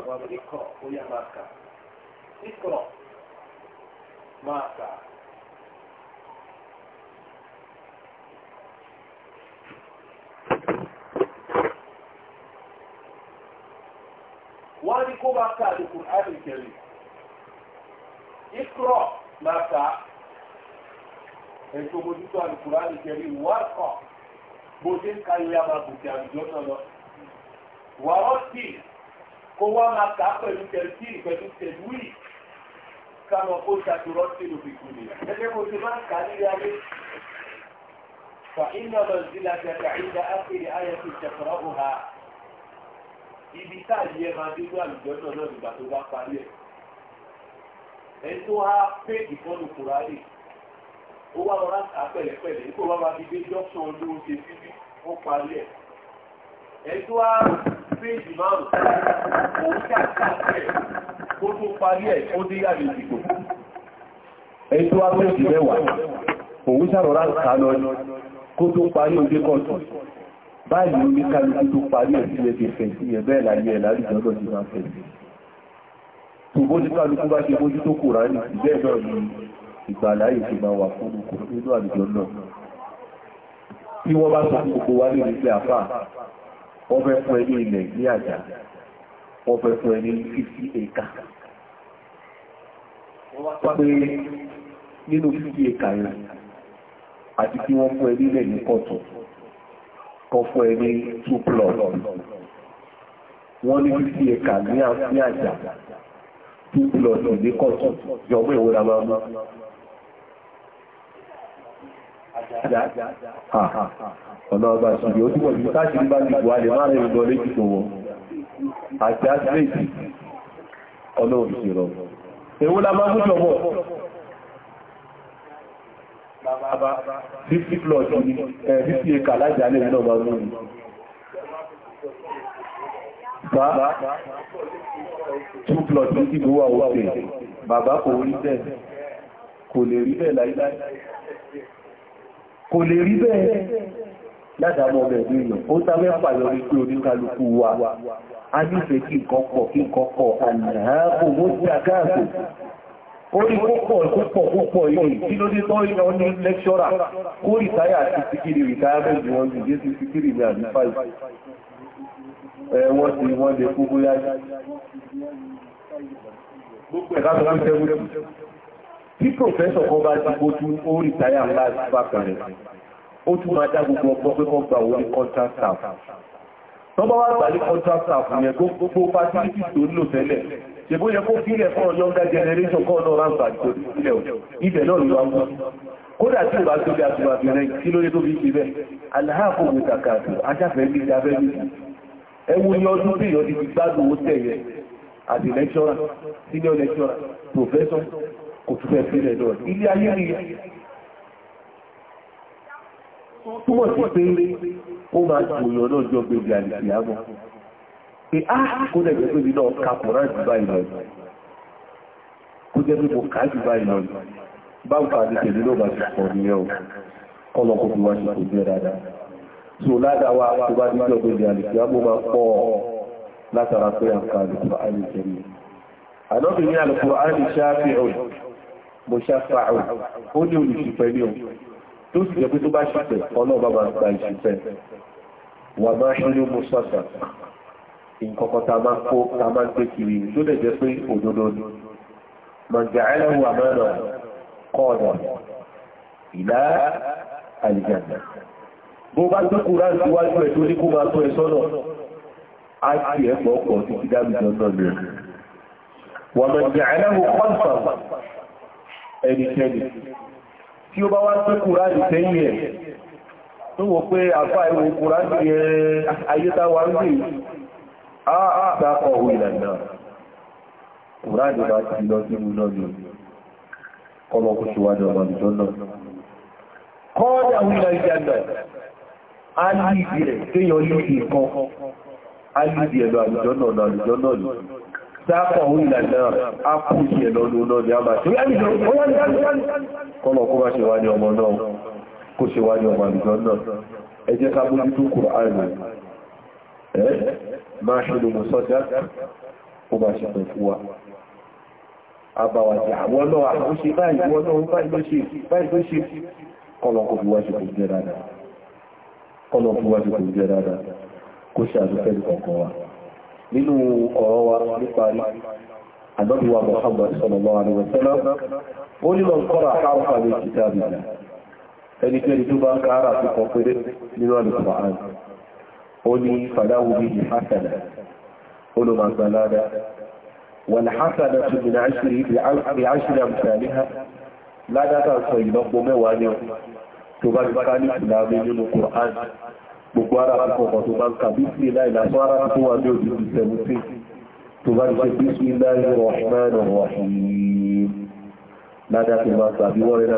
Wọ́n ní kó bá káàdì Kùránì kẹrì ìkúrọ̀ máa ta ètò mojútó àlùkùrá nìkẹ́rì wákọ̀ bó ṣe ń ka ìyá máa gòkè àwùjọ náà lọ. wàá tì kó wá máa kà á pẹ̀lú tẹ̀sí pẹ̀lú tẹ̀wí káwọn kó ṣàtúrọ̀ sí lòfìkú nìyà. ẹgbẹ́ mo ti máa ń kà á nílé ayé. فإن منزلتك عند آخر آية تقرأها إذا كان يغادر الجنة نبغى تبقى عليه ẹni tó wá pé ìkọlù kùràrí ó wá lọ láti àpẹ̀lẹ̀pẹ̀lẹ̀ nípò bá bá fi gbé jọ́sán olówó ṣe bíbí ó parí ẹ̀ ẹni tó wá pé ìmáàmù òun ṣàkíyà pẹ̀ kó tó parí ẹ̀ ó dé yàrá ìdìbò ẹni tó wá pé ìmẹ́wàá òun ṣàrọ̀rá kánọ kó tó parí ojú kọ̀ọ̀tù báyìí oníkàlùkù tó parí ẹ̀ sílẹ̀ ti fẹ̀ sí ẹ̀ bẹ́ẹ̀ láyé ẹ̀ lárí ìjọ́dọ̀ ti máa fẹ̀ sí ìbójúkálukú bá ṣe bójú tó kùrá ní ìbẹ́ náà ni ìgbàlá ìṣe máa wà fún nínú àlùjọ náà tí wọ́n bá sọ fún gbogbo wa nínú ilé àfà wọ́n fẹ́ fún ẹni ilẹ̀ ní àjà wọ́n fẹ́ fún ẹni 50 acre pé nínú 50 acre yẹn àti tí wọ́n fún ẹni ilẹ̀ ní kọ̀tọ̀ kan fún ẹni 2 plus wọ́n ní 50 acre ní àjà two plus ìdí kọ́tù jọmọ ìwé la máa mú. ọ̀nà ọba ìṣòdì ó túbọ̀ sí káàkiri bá ti buwalẹ̀ máa rẹ̀ lọ léjì tó wọ àti àtìlẹ́jì ọ̀nà òṣìṣẹ́rọ̀ èwo la máa mú jọmọ 50 plus 50 acre lájàálẹ̀ bá 2 plus 2 dìbò wà òkè bàbá kò rí bẹ́ẹ̀ kò lè rí bẹ́ẹ̀ láíláí kò lè rí bẹ́ẹ̀ ládàmọ́ ọ̀bẹ̀ ìrìnà ó sáré pàyọ ní pé oníkálukú wa a nífẹ̀ẹ́ kí nǹkan pọ̀ kí nǹkan pọ̀ àyàábò mọ́ sí àgáàbò orí púpọ̀ púpọ̀ púpọ̀ yìí tí ló dé tọ́ ìyàn ní lẹ́ṣọ́rà kó wọ́n ti wọ́n lè kú bóyá gbogbo ẹ̀ká tó ráńtẹ́ wúlẹ̀ tí pòfẹ́sọ̀ kan bá ti gbójú ó rí táyà ńlá ìpákan rẹ̀ ó tún máa dá gbogbo ọgbọ́n pé kọ́ gbà wọlé contract staff tó bá wá gbàlé contract staff yẹn gbogbo facilities tó nílò tẹ́lẹ̀ ṣe bó yẹ kó fílẹ̀ fún younger generation kọ́ náà ráńpà tó nílẹ̀ ibẹ̀ náà ló wá mú kódà tí ìbá tó bí àtúbàbí rẹ̀ kí ẹwú ní ọdún tí ìyọ́dí ti gbádùn owó tẹ̀yẹ àti lẹ́kṣọ́rà senior lẹ́kṣọ́rà professor kò tún fẹ́ sílẹ̀ lọ ilé ayé rí túmọ̀ sí pé ó máa gbòyàn náà jọ gbèbè àlìsì àmọ́ pé á kó lẹ́gbẹ̀ẹ́ pé nínú ọkà kùnrán jù báyìí lọ kó jẹ́ pé mo kà á jù báyìí lọ báwo kà á ní tèmi náà máa ti pọ̀ nìyẹn o kọ́ lọ́kọ́ fi wá ṣe kò jẹ́ dáadáa tó ládàwà tó bá dídọ̀ tó di àlùkí àbò máa pọ̀ látara pé àǹkà àlùkò àìlùkẹ́mi àdọ́bìn ní àlùkò àìlùṣáfihàn mo ṣáfàáhùn ó ní olùṣìpẹ̀ ní òun tó sì jẹ́ pé tó bá ìlà àlìjàndà bó bá tó kúrá síwájú ẹ̀ tó ní kó máa tó ẹ sọ́nà á ti ẹ̀pọ̀ ọkọ̀ tí ti dábìjọ náà rẹ̀ wà mọ̀ jẹ́ àìlẹ́wò kọ́ǹfà ẹnikẹ́ni tí ó bá wá tó kúrá ní sẹ́yìn ẹ̀ tó wọ pé àfá ìwò kúrá ní ayétáwà ń gbé á dákọ̀ owó ìlànà kúrá ní bá ti lọ sí ìlú náà kọ́mọkùsùwádọ̀ ọmọ ìjọ náà kọ́ alìdí rẹ̀ kéyàn lídì kan alìdí ẹ̀lọ àlùjọ náà àlùjọ náà lù sáàpọ̀ orí ìlànà àpùsì ẹ̀lọ lónà ní àmà tí ó kọ́nà kó bá ṣe wá ní ọmọ náà kó ṣe wá ní ọmọ àlùjọ náà ẹ jẹ́ ká bójú tó kùrọ̀ àrùn ẹ́ máa ṣe lòmù sọ́jà ó bá ṣe pẹ̀ fún wa àbàwàjì àwọn náà àkúṣe báyìí wọ́n náà báyìí ló ṣe kọ́nà kó bí wá ṣe kò jẹ́ dáadáa kọ́lọ̀ fún wájú kò jẹ́ dáadáa kó ṣe àdúfẹ́ kọ̀ọ̀kan wa nínú ọ̀rọ̀ wa nípa àdọ́dúwà Muhammad sallallahu alaihi wa ládátà sọ ìlọ́pọ̀ mẹ́wàá ní ọdún tó bá ti bá ní ìlàmí nínú Kùrán gbogbo ara ti kọ̀kọ̀ tó bá ń kà bí sí ilá ìlàṣọ́ ara tó wà ní òjò ti tẹ̀mú sí tó bá ti ṣe bí sí ilá ìrọ̀ ọ̀hánà ọ̀hìn ládá ti máa tàbí wọ́n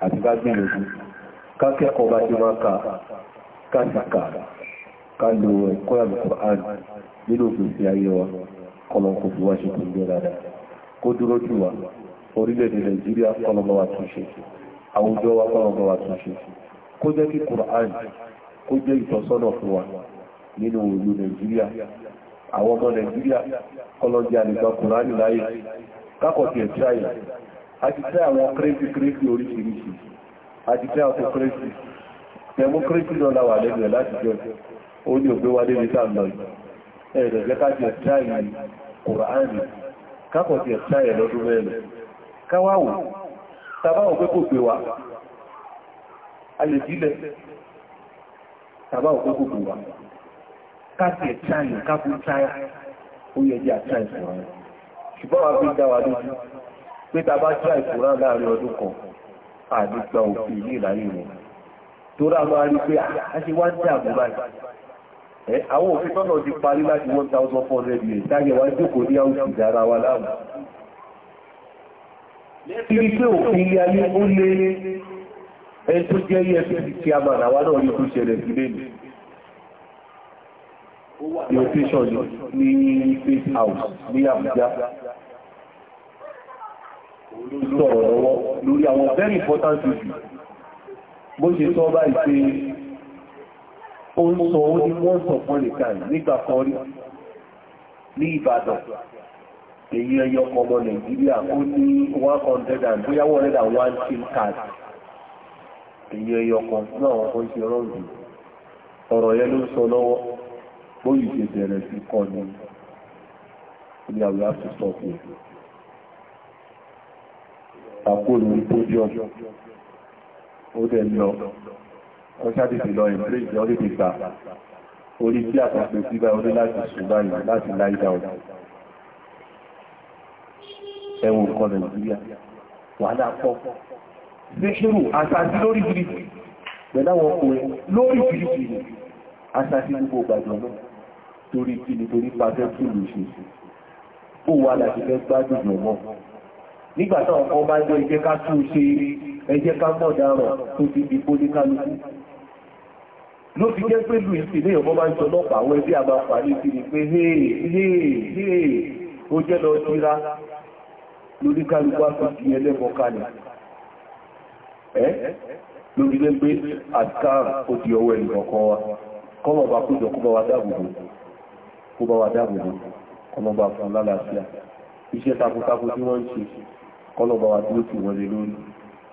ah, àti bá gbìyànjú kákẹ́kọ̀ọ́ bá ti máa kà kásìkà kálù ẹ̀kọ́ àlùkùrán nínú òfìsí ayé wa kọlọ̀kù fi wá ṣe kò gbé rárá kó dúró jù wá orílẹ̀-èdè Nàìjíríà kọlọ̀mọ́ wa túnṣe àwùjọ wa kọlọ̀mọ́ wa túnṣe kó jẹ́ kí kùrán kó jẹ́ ìtọ́sọ́nà fún wa nínú òlú Nàìjíríà àwọn ọmọ Nàìjíríà kọlọ̀jẹ́ àlùgbà kùrán láyé kákọ̀tì ẹ̀ tíráyà àti tẹ́ àwọn kírésì kírésì oríṣiríṣi àti tẹ́ àwọn kírésì democracy lọ́la wà lẹ́gbẹ̀ẹ́ láti jẹ́ ojú ògbé wa lé níta lọ ẹ̀rẹ̀ lẹ́kájú ẹ̀tá yìí kòránì kápọ̀ ti ẹ̀tá ẹ̀ lọ́dún mẹ́rin káwàwò tàbáwò pé kò gbé wa a lè dílẹ̀ tàbáwò pé kò gbé wa káàkì ẹ̀tá yìí káàkù táyà ó yẹ jẹ́ àtá ìkòrán ṣùgbọ́n wa fi dá wa lójú pé tàbá tá ìkòrán láàrin ọdún kan àdúgbà òfin ní ìlàyé rẹ̀ tó rà máa rí pé ah, a ṣe wá ń dàbò báyìí àwọn òfin tọ́nà ti parí láti 1400 years táyẹ̀ wá jókòó ní àwùjọ ìdára wa láàmù Ibi pé òfin ilé ayé ó lé ẹni tó jẹ́ EFCC tí a máa náwà náà ní tó ṣẹlẹ̀ sí lè ní. Location ní Faith House ní Àbújá. Sọ̀rọ̀ lọ́wọ́ lórí àwọn very important issues. Bó ṣe sọ báyìí pé ó ń sọ ó ní wọ́n sọ fún nìkan nígbà kan rí ní Ìbàdàn èyí ẹyọ ọmọ Nàìjíríà ó ní 100 bóyá 101 sim card èyí ẹyọ kan náà ó ń ṣe rọ́ọ̀dù ọ̀rọ̀ yẹn ló ń sọ lọ́wọ́ bóyì ṣe bẹ̀rẹ̀ sí kọ́ ni ní àwọn àtúntò fún ó dẹ̀ lọ ọ̀ṣádé ti lọ ìpínlẹ̀ ìjọ orí ti gbà orí tí àtàkùn sí bá orí láti ṣùgbà ìwà láti láìdá ọ̀dá ẹwọ̀n kan nàìjíríà wàhálà pọ̀ ṣéṣírù àṣàtì lórí gírígì pẹ̀láwọn ọkùnrin lórí gírígì àṣàtì gbogbo gbàjọ náà torí kí nítorí pàfẹ́ fúlù ṣe ó wà láti fẹ́ gbádùn ọmọ nígbàtà ọkọ̀ bá jẹ́ ẹjẹ́ ká tún ṣe ẹjẹ́ ká mọ̀dáràn tó ti di pólíkálùkù ló fi jẹ́ pé lùí sí ilé ọmọ bá ń jọ lọ́pàá àwọn ẹbí àbá fàálì sí ni pé hey hey hey ó jẹ́ lọ síra lóríkálùkù àtúntì ẹlẹ́mọ kalẹ̀ ẹ́ lórí lé pé àtàrà fún lálàáfíà iṣẹ́ takuntakun tí wọ́n ń ṣe kọlọ̀bà wa tí ó ti wọlé lórí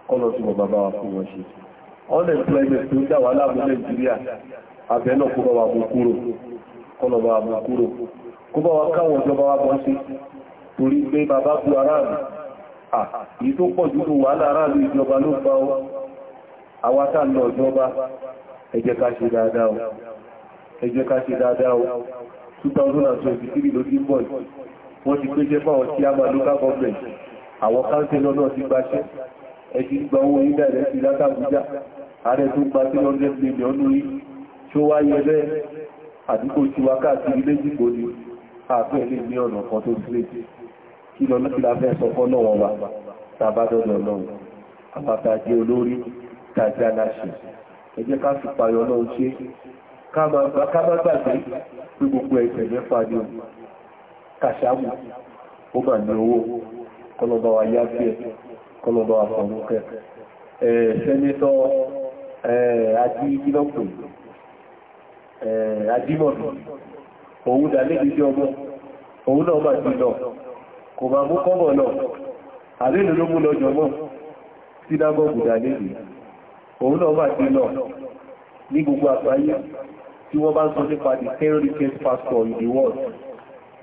kọlọ̀ tí wọ bàbá wa fún wọn ṣe unemployment tó dá wà láàbù Nàìjíríà abẹ́ náà kó bá wa mú kúrò kọlọ̀bà wa kúrò kó bá wa káwọn ìjọba wa bọ́ sí torí pé bàbá bu aráàlú èyí tó pọ̀ jùlọ wàhálà aráàlú ìjọba ló bá ọ awátà lọ ìjọba ẹ ká ṣe dáadáa ká àwọn káńsílọ́ náà ti gbaṣẹ́ ẹ̀kì gba owó ilẹ̀ rẹ̀ sí látàbújá ààrẹ tó gba 300 million lórí tí ó wáyé rẹ̀ àdúgbò tí wá káàkiri léjìgbò ni ààfẹ́ lè ní ọ̀nà la fẹ́ sọ fọ́nà wọn wà tàbádọ́dọ̀ lọ́wọ́ àpàtàjẹ́ olórí tàbí aláṣẹ ẹjẹ́ ká fi payọ náà ṣe ká má gbàgbé pé gbogbo ẹ̀sẹ̀ mẹ́fà kàṣàmù ó mà ní owó kọlọ̀bá wa yá sí ẹ̀ kọlọ̀bá wa sọ̀rọ̀kẹ́ sẹ́nitọ́ ajílọ́pù ajímọ̀nù òun dàlébí jẹ́ ọmọ òun náà bá ti lọ kò bá mú kọ́mọ̀ lọ àrílù ló mú lọ jọmọ́ sínágọ́gù dàlébí òun náà bá ti ní gbogbo àgbáyé tí wọ́n bá ń sọ nípa the terrorist pastor in the world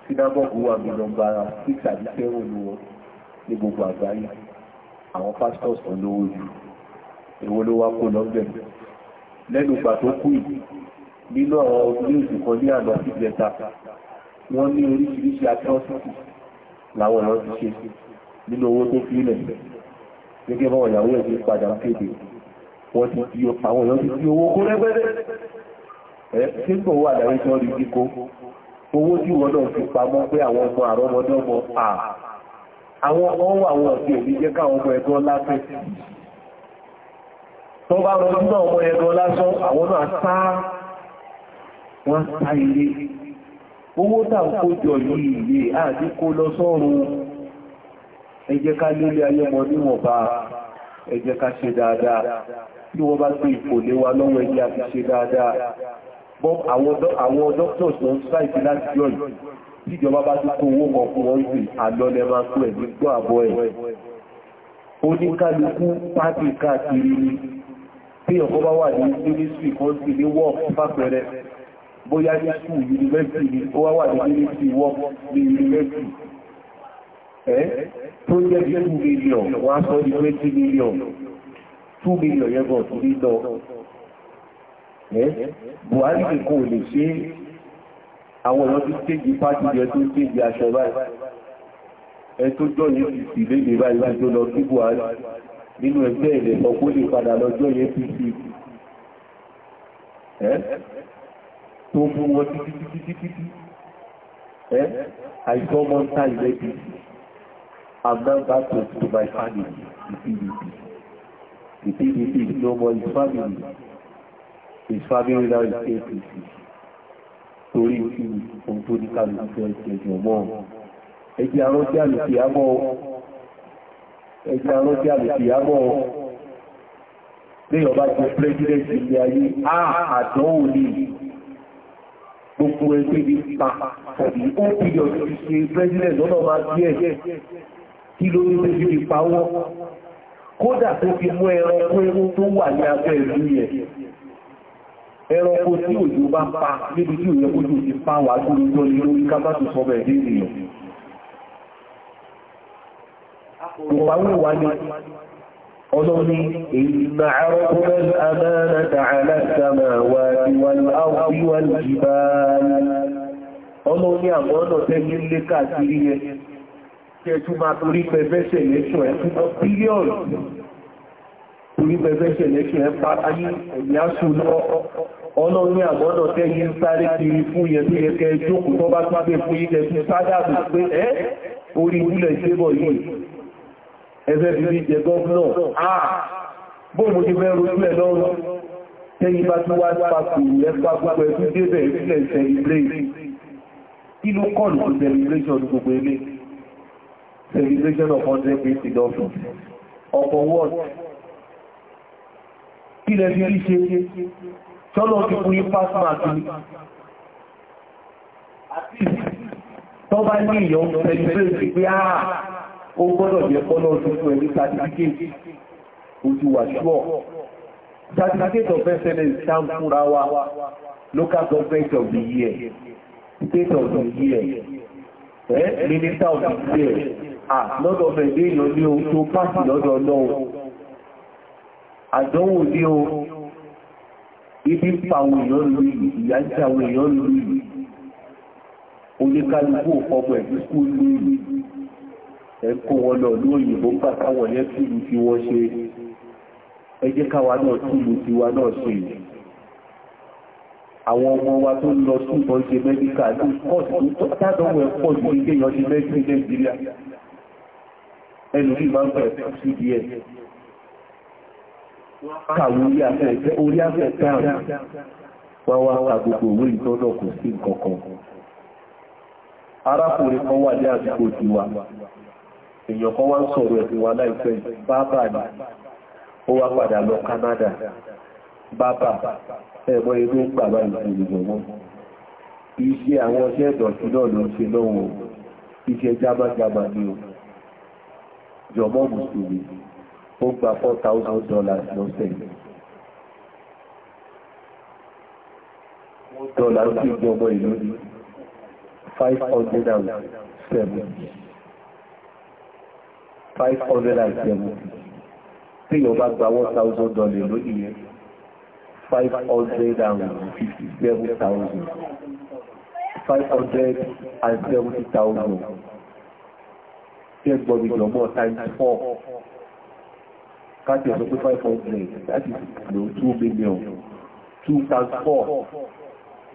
sínágọ́gù wà mí nọ́mbà 6 àti 7 wọn ní gbogbo àgbáyé àwọn pastors olówó jù èwo ló wá kó lọ́gbẹ̀ lẹ́nu ìgbà tó kú yìí nínú àwọn orílẹ̀-èdè kan ní àná ìjẹta wọ́n ní oríṣiríṣi atrocity láwọn ọ̀rọ̀ ti ṣe nínú owó tó fílẹ̀ gẹ́gẹ́ bọ́ ìyàwó ẹ̀ padà kéde wọ́n ti di àwọn èèyàn ti di owó kó rẹ́gbẹ́rẹ́ ẹ̀ tí ń bọ̀ wà láyé tí wọ́n rí kíkó owó tí wọ́n náà fi pamọ́ pé àwọn ọmọ àrọ́mọdọ́mọ à àwọn ọmọ àwọn ọ̀sẹ̀ òbí jẹ́ káwọn ọmọ ẹ̀gbọ́n lásán tó bá rọrùn náà ọmọ ẹ̀gbọ́n lásán àwọn náà sá wọ́n sá ilé owó tà ń kójọ yìí ilé àti kó lọ sọ́run ẹ jẹ́ ká lélé ayé mọ́ níwọ̀nba ẹ jẹ́ ká ṣe dáadáa tí wọ́n bá gbé ipò lé wa lọ́wọ́ ẹgbẹ́ àti ṣe dáadáa bọ́ àwọn doctors tíjọba bá tó kó owó kan sí àlọ́lẹ̀ máa kú ẹ̀ nígbọ́ àbọ̀ ẹ̀ oníkálukú pátì káàkiri ni tí ọkọ̀ bá wà ní ministry kan ní wọ́ọ̀ fápẹrẹ bóyá ní school university ni ó wá wà ní ministry work ní university ẹ́ project 2 million wọ́n á sọ ní 20 million 2 million yẹ́gàn tó ní lọ Buhari kò lè ṣe àwọn èèyàn ti kéjì pàtí jẹ tó kéjì aṣọ báyìí ẹ tó jọ ní ìsì léde báyìí tó lọ sí Buhari nínú ẹgbẹ́ ilẹ̀ ọkọ́ lè padà lọ́jọ́ yẹn fi sí ẹ́ tó mú wọn títí títí títí ẹ́ àìsàn ọmọ ńta ilẹ̀ bí I'm not back to, to my family, the PDP. The PDP is no more his family. His family now is APC torí tí ohun tó ní kálùkù ẹ̀jẹ̀jọ̀ mọ́ ẹjẹ́ arọ́jú àlùkìyàmọ́ léyọ̀ bá jẹ́ pẹ́jìdẹ̀sì ilé ayé àádọ́wò ní gbogbo ẹgbẹ́ ní pa ọ̀dí ó pìlọ̀ ti ṣe pẹ́jìdẹ̀ lọ́nà máa bí ẹ̀ kí ló ní pé fi pa wọ́n kódà tó fi mú ẹran pé ẹranko tí òjò bá pa níbi tí òjò kójú ti pa wà gbóòjọ́ ní orí kábàtù sọ́bẹ̀ èdè ènìyàn òpáwíwá ní ọlọ́ni ìgbà àrọ́kùnrin amẹ́rẹ́ta aláìsàmà wà ìwàlú àwọ̀wíwàlú jìbáàlì ọlọ́ni àmọ́nà tẹ́lú lé káàkiri yẹ torí bẹ̀bẹ̀ ṣẹlẹ̀ṣẹ̀ ẹ̀pá ayé ẹ̀yà ṣùlọ ọlọ́rin àgbọ́dọ̀ tẹ́ yí ń sáré kiri fún yẹ tó yẹ kẹ́ jókòó tó bá pàdé fún ilẹ̀ fún sádàbù pé ẹ́ orí ilẹ̀ ṣébọ̀ yìí ẹ̀fẹ́ fi rí jẹ gọ́ọ̀nà àà bóòmù ti fẹ́ rojú ẹ̀ lọ́rùn tẹ́yí bá tún wá pàtó ẹ̀pá gbogbo ẹ̀tú débẹ̀ ìpínlẹ̀ celebrate kí ló kọ́ọ̀lù fún celebration gbogbo ilé celebration of 100 years ago ọ̀pọ̀ wọ́ọ̀tì kí lẹ fi rí ṣe tọ́lọ̀ ti fún ní pásmàtí tọ́ bá ní ìyọ̀ ẹgbẹ̀rẹ̀ pé á ah, o gbọ́dọ̀ jẹ́ kọ́lọ̀ tó fún ẹ̀rí certificate ojú wà ṣúọ̀ certificate local government of the year state of the year eh, minister of the year ah lọ́dọ̀ fẹ̀ dé ìyọ̀ ní ohun tó pàṣì lọ́dọ̀ náà àdánwò ní o ibi ń pa àwọn èèyàn lórí ìyá jẹ́ àwọn èèyàn lórí oníkálukú ọmọ ẹ̀bí kú lórí ẹ̀kọ́ wọn lọ ní òyìnbó pàtàwọn yẹn tìlú tí wọ́n ṣe ẹ jẹ́ káwa náà tìlú tiwa náà ṣe àwọn ọmọ wa tó lọ súnmọ́ ṣe mẹ́díkà ní kọ́ọ̀tù tó tádọ́wọ̀ ẹ̀pọ̀ jù ní kéèyàn ṣe kàwé orí afẹ́fẹ́ orí afẹ́fẹ́ wọ́n wá ká gbogbo owó ìtọ́nà kò sí nǹkankan arákùnrin kan wà ní àdúgbò tiwa èèyàn kan wá ń sọ̀rọ̀ ẹ̀sìn wa láìpẹ́ bàbá ni ó wá padà lọ Canada bàbá ẹ̀mọ́ inú bàbá ìgbìmọ̀ jọmọ́ mùsùlùmí ó gba four thousand dollars lọ́sẹ̀ dọ́là ó sì jọmọ ìlú five hundred and seven five hundred and seven tí yóò gba one thousand dollars lónìí yẹn five hundred and fifty seven thousand five hundred and seventy thousand. Ṣé gbọ́dọ̀ ìjọmọ́ times four káàkiri àti pé 500 láti lò 2 billion 2004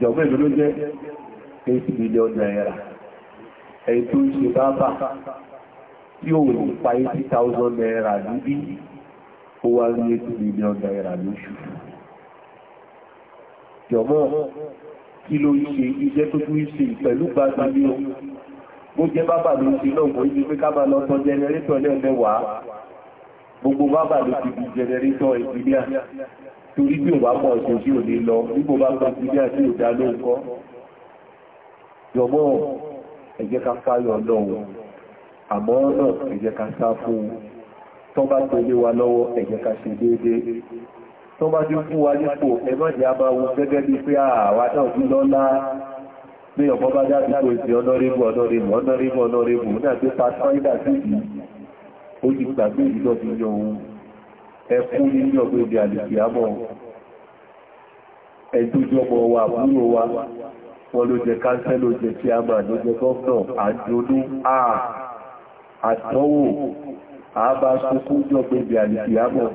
jọ̀gbẹ́ ìlú ló jẹ́ 8 billion naira ẹni tó ń ṣe bábà tí ó wò pa 80,000 naira níbí ó wá ní 8 billion naira lóṣù jọ̀mọ́ kí ló ṣe iṣẹ́ tó tún ṣe pẹ̀lú gbàgbà ní o bó jẹ́ bábà ló ṣe náà kò ní pé ká máa lọ tọ́ gbogbo bábà ló ti di jẹnẹrétọ̀ ìpínlẹ̀ torí bí òwà pọ̀ ọ̀sẹ̀ tí ò ní lọ nígbò bá pọ̀ ìpínlẹ̀ tí ò dá ló ń kọ́ jọmọ́ ẹ jẹ́ ká fáyọ̀ lọ́wọ́ àmọ́ náà ẹ jẹ́ ká sá fún un tọ́ bá tó lé wa lọ́wọ́ ẹ jẹ́ ká ṣe déédéé tọ́ bá ti fún wa nípò ẹmọ́dé abáwo gẹ́gẹ́ bí pé àwa náà ti lọ́lá bí ọ̀pọ̀ bá dá sí pé ọ̀nà rébù ọ̀nà rébù ọ̀nà rébù ọ̀nà rébù náà ti pa sọ́ídà sí yìí ó ti gbàgbé ìjọ ti yọ ohun ẹkún ní ọgbẹ́ ìdí àlèkì àbọ̀ ẹ̀dójọ́bọ̀ wa àbúrò wa wọ́n ló jẹ káńsẹ́ ló jẹ tí a máa ló jẹ gọ́ọ̀nà àjọdún àà àtọ́wò àbá sókún jọgbẹ́ ìdí àlèkì àbọ̀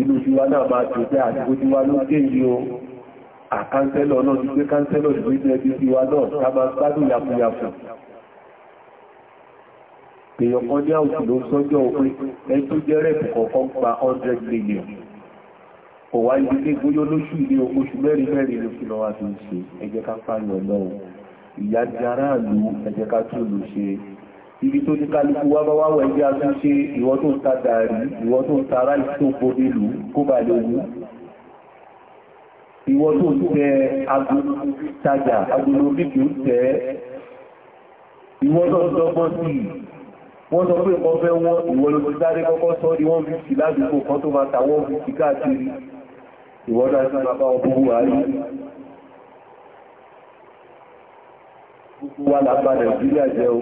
inú tí wá náà máa tó pé àdúgbò ló gé yìí o àkáńsẹ́lọ̀ náà ti gbé káńsẹ́lọ̀ ìgbésẹ̀ ẹbí tí wá náà ká máa gbádùn yàfùyàfù èèyàn kan ní àwùjọ ló sọ́jọ́ òpin ẹni tó jẹ́ rẹ̀pù kọ̀ọ̀kan gba 100 million kò wá ibi ilé gbóyó lóṣù ní oṣù mẹ́rin mẹ́rin ló fi lọ́wọ́ tó ń ṣe ẹ jẹ́ ká pààyàn náà ìyá di aráàlú ẹ jẹ́ ká tún lò ṣe ibi tó ní kálukú wá bá wáwọ̀ ẹjẹ́ tó ń ta tó ń ta sí wọ́n sọ pé nǹkan fẹ́ wọ́n ìwọ ló ti sáré kọ́kọ́ sọ ní wọ́n fi sí ládùúgbò kan tó máa tàwọn fi sí káàkiri ìwọ náà sí bàbá ọkọ̀ buhari gbogbo wa lápá nàìjíríà jẹ́ o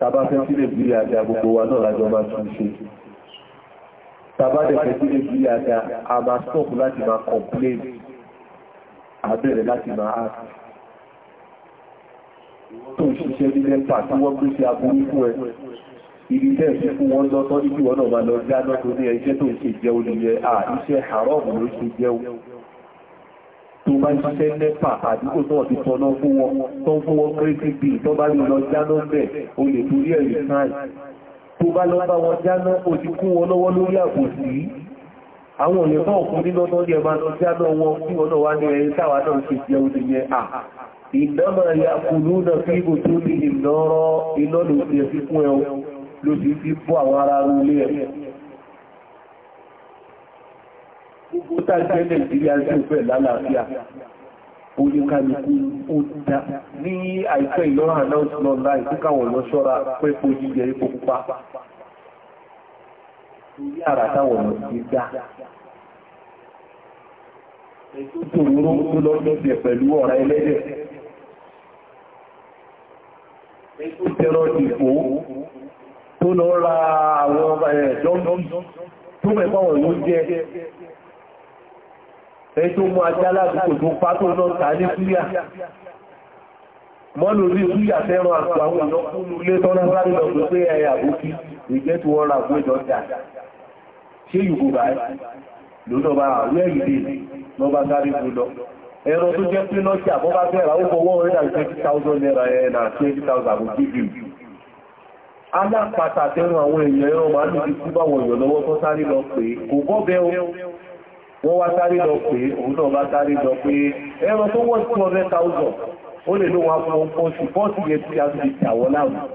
tàbá fẹ́ sí nàìjíríà jẹ́ gbogbo wa náà lájọ máa tún ṣe tàbá dẹ̀fẹ́ sí nàìjíríà jẹ́ a máa stop láti tó ń ṣiṣẹ́ ní lẹ́pà tí wọ́n gbé sí agbóhùn fún ẹ ibi tẹ́ sí fún wọn lọ́tọ́ ní kí wọ́n náà bá lọ dáná tó ní ẹjẹ́ tó ń ṣe jẹun nìyẹ à iṣẹ́ àrọ́ọ̀bù ló ṣe jẹun tó bá ń ṣiṣẹ́ lẹ́pà àdúgbò tó ti tọ́nà fún wọn tó ń fún wọn kérésì bí tó bá lè lọ dáná bẹ̀ o lè torí ẹ̀rí sáì tó bá lọ bá wọn dáná o ti kún wọn lọ́wọ́ lórí àbòsí àwọn òyìn tó òkun nínú tó rí ẹba lọ sí àdọ́ wọn tí wọ́n náà wá ní ẹ̀yìn táwà náà ṣe ti ẹ̀wọ̀n ìyẹn à ìdámà ya kùlú na fi ibò tó ní ìlọ́rọ̀ iná ló ti fi fún ẹ̀ ló ti fi fún àwọn ará ilé ẹ̀ ó tàbí nàìjíríà sí òfẹ́ lálàáfíà oníkàlùkù ó dá ní àìpẹ́ ìlọ́rọ̀ náà torí ara táwọn ọmọ ti dá ètò ìró tó lọ lọ́sẹ̀ pẹ̀lú ọ̀rá ẹlẹ́dẹ̀ ètò tẹ̀rọ ìfò tó lọ ra àwọn ọba ẹ̀ dọ́ndọ́m tó mẹ́fọ́wọ̀ ló jẹ́ ètò mú ajá ládùúgbò tó pátó náà ta ní súyà mọ́lù rí súyà fẹ́ràn àpò àwọn ìlọ́kùnrin ilé tọ́lá sáré lọ pé ẹ̀yà ṣé yùgbò báyìí ló lọ bá àwọn ẹ̀rì dé lọ bá sáré fún lọ ẹ̀rọ tó jẹ́ pé lọ́sí àbọ́bá fẹ́ra ó fọwọ́ rẹ̀ àti 20,000 naira ẹ̀nà 20,000 kò jíjù alápàtà tẹ́rù àwọn èèyàn ẹ̀rọ máa lùdí sí báwọn èèyàn lọ́wọ́ tó sáré lọ pé kò bọ́ bẹ́ wọ́n wá sáré lọ pé òun náà bá sáré lọ pé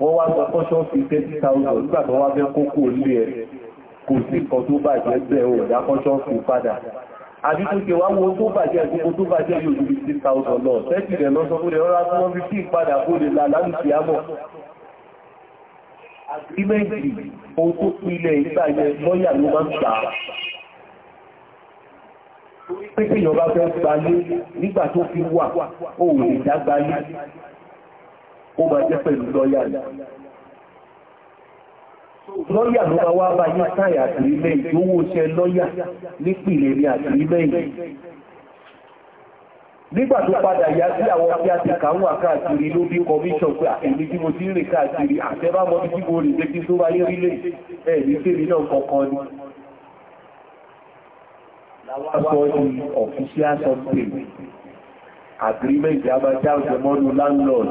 wọ́n wá sọ kọ́ṣọ́ fi 30,000 nígbà tó wá fẹ́ kókó lé ẹ̀ kò sí nǹkan tó bàjẹ́ bẹ́ẹ̀ ò dá kọ́ṣọ́ fi padà àbí tó ṣe wá wo tó bàjẹ́ àti ohun tó bàjẹ́ yóò ju 50,000 lọ tẹ́tì rẹ̀ lọ́sọ fún ẹ̀rọ láti wọ́n fi sí ìpadà kó lè la lálùsí àmọ́ agírímẹ́ǹtì ohun tó pín ilẹ̀ ìgbà yẹn lọ́yà ló máa ń gbà bá fẹ́ gbalé nígbà tó fi wà ó lè dá gbalé ó bá jẹ́ pẹ̀lú lọ́yà yìí lọ́yà ló bá wá bá yí sáì àtìrílẹ̀ ìdówó ṣẹ lọ́yà nípìnlẹ̀ ní àtìrílẹ̀ yìí nígbà tó padà yá sí àwọn tí a ti kàánwà káàkiri ló bí kọmíṣọ̀n pé àtẹ̀mí tí mo ti rìn káàkiri àtẹ́bámọ́ tí mo rìn pé kí tó wáyé rílẹ̀ ẹ̀ ní tèmi náà kọ̀ọ̀kan ni Àwọn ọ̀fíṣíà landlord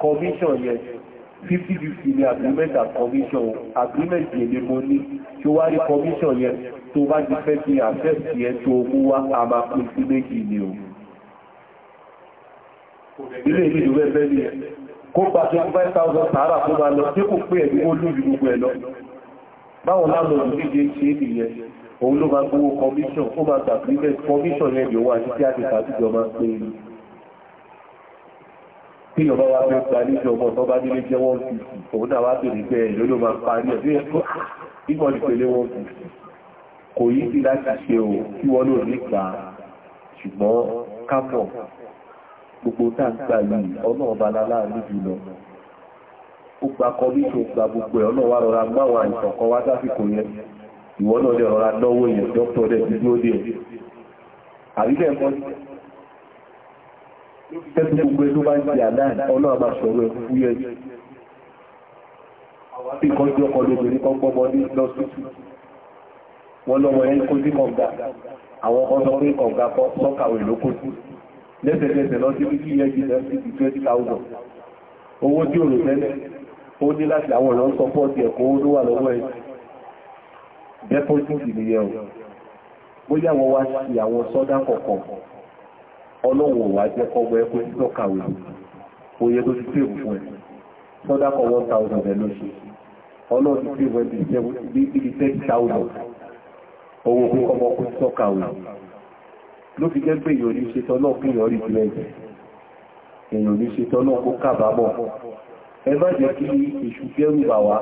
commission yẹn 50-50 ni agreement and commission agreement yẹn ni mo ní tí ó wá rí commission yẹn tó bá ti fẹ́ fi accept yẹn tó mú wá a máa pín sí méjì ni o ilé ìlú ìlú ẹgbẹ́ ní ẹ̀ kó gba 25,000 tààrà fún ma lọ tí kò pé ẹ̀dí ó lórí gbogbo ẹ̀ lọ báwọn láàrín ìdíje ṣe nìyẹn òun ló máa gbówó commission ó máa gbà pílẹ̀ commission yẹn yóò wà ní tí a ti tàbí jọ máa pé tí yọba wá fẹ́ parí ìjọba tó bá nílé jẹ́ wọ́n fi òun náà wá bèèrè pé ẹ̀yọ́ ló máa parí ẹ̀bí ẹ̀kọ́ ìmọ̀ ìpele wọ́n fi kò yí sí láti ṣe o kí wọ́n lò nípa ṣùgbọ́n kápọ̀ gbogbo táǹgbà yìí ọ̀nà ọba láàrín jùlọ ó gba kọmíṣọ gba gbogbo ẹ̀ ọ̀nà wa rọra gbáwọn àìsàn kan wá sáfìkò yẹn ìwọ́n náà lè rọra náwó yẹn dókítọ̀ rẹ̀ dúró dé àrílẹ̀ mọ́ni tẹ́tù gbogbo ẹ̀ tó bá ń ti àdáà ọlọ́ àbá sọ̀rọ̀ ẹ̀ fún yẹ ìkọjú ọkọ̀ lóbìnrin kan gbọ́mọ ní lọ́sítù wọ́n lọ́wọ́ ẹ̀ kó sí kọ̀ǹgà àwọn ọkọ̀ sọ pé kọ̀ǹgà kọ́ sọ́kàwé ló kó sí lẹ́sẹ̀kẹsẹ̀ lọ sí kí yẹ jù lẹ́sí twenty thousand owó tí ò rò tẹ́lẹ̀ ó ní láti àwọn ọ̀nà sọpọ́ọ̀tì ẹ̀kọ́ ó ló wà lọ́wọ́ ẹ̀ dẹ́pọ́sìtì nìyẹn o bóyá wọ́n wá ọlọ́wọ̀ wà jẹ́ kọ́gbọ́ ẹkùn tí lọ́kàwé oye tó ti tèbù fún ẹ̀ sọ́dákọ̀ 1000 ẹ̀ ló ṣe ọlọ́run ti tèbù ẹbí bíi 10,000 owó pé ọmọ ọkùn tí lọ́kàwé ló fi jẹ́ pé èèyàn ní ṣe tọ́lọ́ fún ìyọrí ju ẹ̀jẹ̀ èèyàn ní ṣe tọ́lọ́ kó kábàámọ̀ ẹ má jẹ́ kí ìṣù dẹ́rù bà wá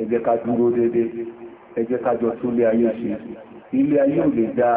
ẹ jẹ́ ká dúró déédéé ẹ jẹ́ ká ilé ayé ò lè dáa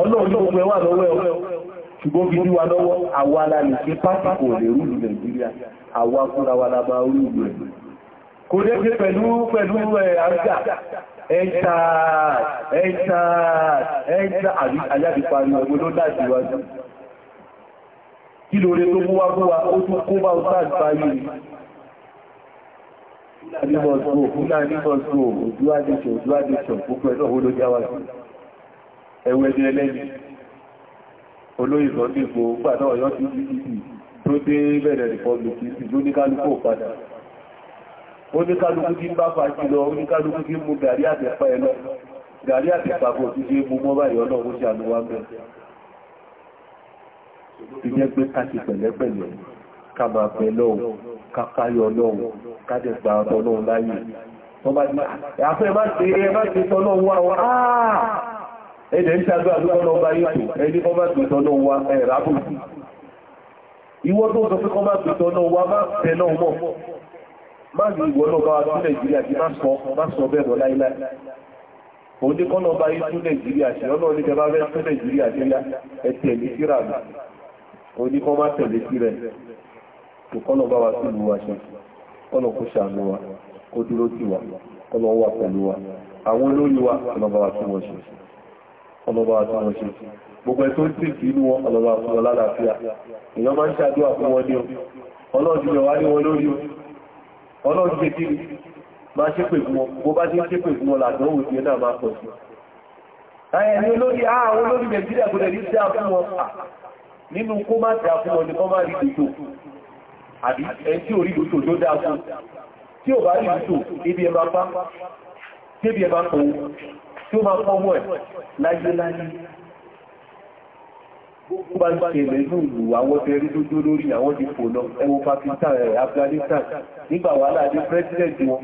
ọlọ́run ló wà lọ́wọ́ ẹ̀ ṣùgbọ́n bí wà lọ́wọ́ àwa alálẹ̀ sí pásìkò lè rúlù nàìjíríà àwa fúnra wa lábá rúlù ẹ̀ kò dé pé pẹ̀lú pẹ̀lú ẹ̀ àjà ẹ̀ta ẹ̀ta ẹ̀ta àjáde parí ọgbọ́n ló láti wájú kí lóore tó mú wá fún wa ó tún kó bá ọ̀sáàd ẹwẹ́dẹ́ ẹlẹ́ni olóyìnbọn ní ipò gbàdá ọ̀yọ́ tí pdp tó dé bẹ̀rẹ̀ republic ti ló ní kálukú padà ó ní kálukú tí ń bá fàájì lọ ó ní kálukú tí ń mú gàrí àtẹ̀pá ẹ lọ gàrí àtẹ̀pá kò tí ṣe mú mọ́ báyìí ọlọ́run ó ṣe àlúwà mẹ́ ti jẹ́ pé ká ti pẹ̀lẹ́pẹ̀lẹ́ ká máa pẹ̀ lọ́wọ́ ká káyọ̀ lọ́wọ́ ká dẹ̀ gba ọ̀tọ̀ náà láyé wọ́n ẹ̀dẹ̀ ń ṣàgbà àdúgbọ́n ọba yìí ẹni kọ́ bá pẹ̀tọ́ náà wá ẹ̀rà bù ìwọ́n tó sọ pé kọ́ bá pẹ̀tọ́ náà wá má bẹ̀ náà mọ̀ má ní ìwọ́n náà bá tún nàìjíríà ti má sọ má sọ bẹ́ẹ̀ mọ́ láíláí òun ní kọ́nà ọba yìí tún nàìjíríà ṣe ọ́nà ní kẹfà bẹ́ẹ̀ tún nàìjíríà ṣe yá ẹ̀tẹ̀ ní síra mi òun ní kọ́ má tẹ̀lé sí rẹ̀ kò kọ́nà bá sí ìlú wa ṣe kọ́nà ọlọ́bà àti wọn ṣe gbogbo ẹ̀tọ́ tí kì inú wọn ọlọ́bà àti wọn lálàáfíà èèyàn máa ń ṣàdúrà fún wọn ní ọlọ́dún yọ wá ní wọn lórí ọlọ́dún ṣe kí máa ṣépè fún wọn bó bá ṣe ń ṣépè ah, ah, ni kọ́ má rí dòdò àbí ẹni tí ò rí dòdò tó dá fún tí ò bá rí dòdò ebi ẹ máa pa tébì ẹ máa pọ̀ tí ó máa fọ́wọ́ ẹ̀ láyé láyé gbogbo bá ń ṣẹlẹ̀ inú ìlú àwọn tẹ rí lójó lórí àwọn ti fò lọ ẹ wo Pakistan ẹ Afghanistan nígbà wàhálà ní president wọn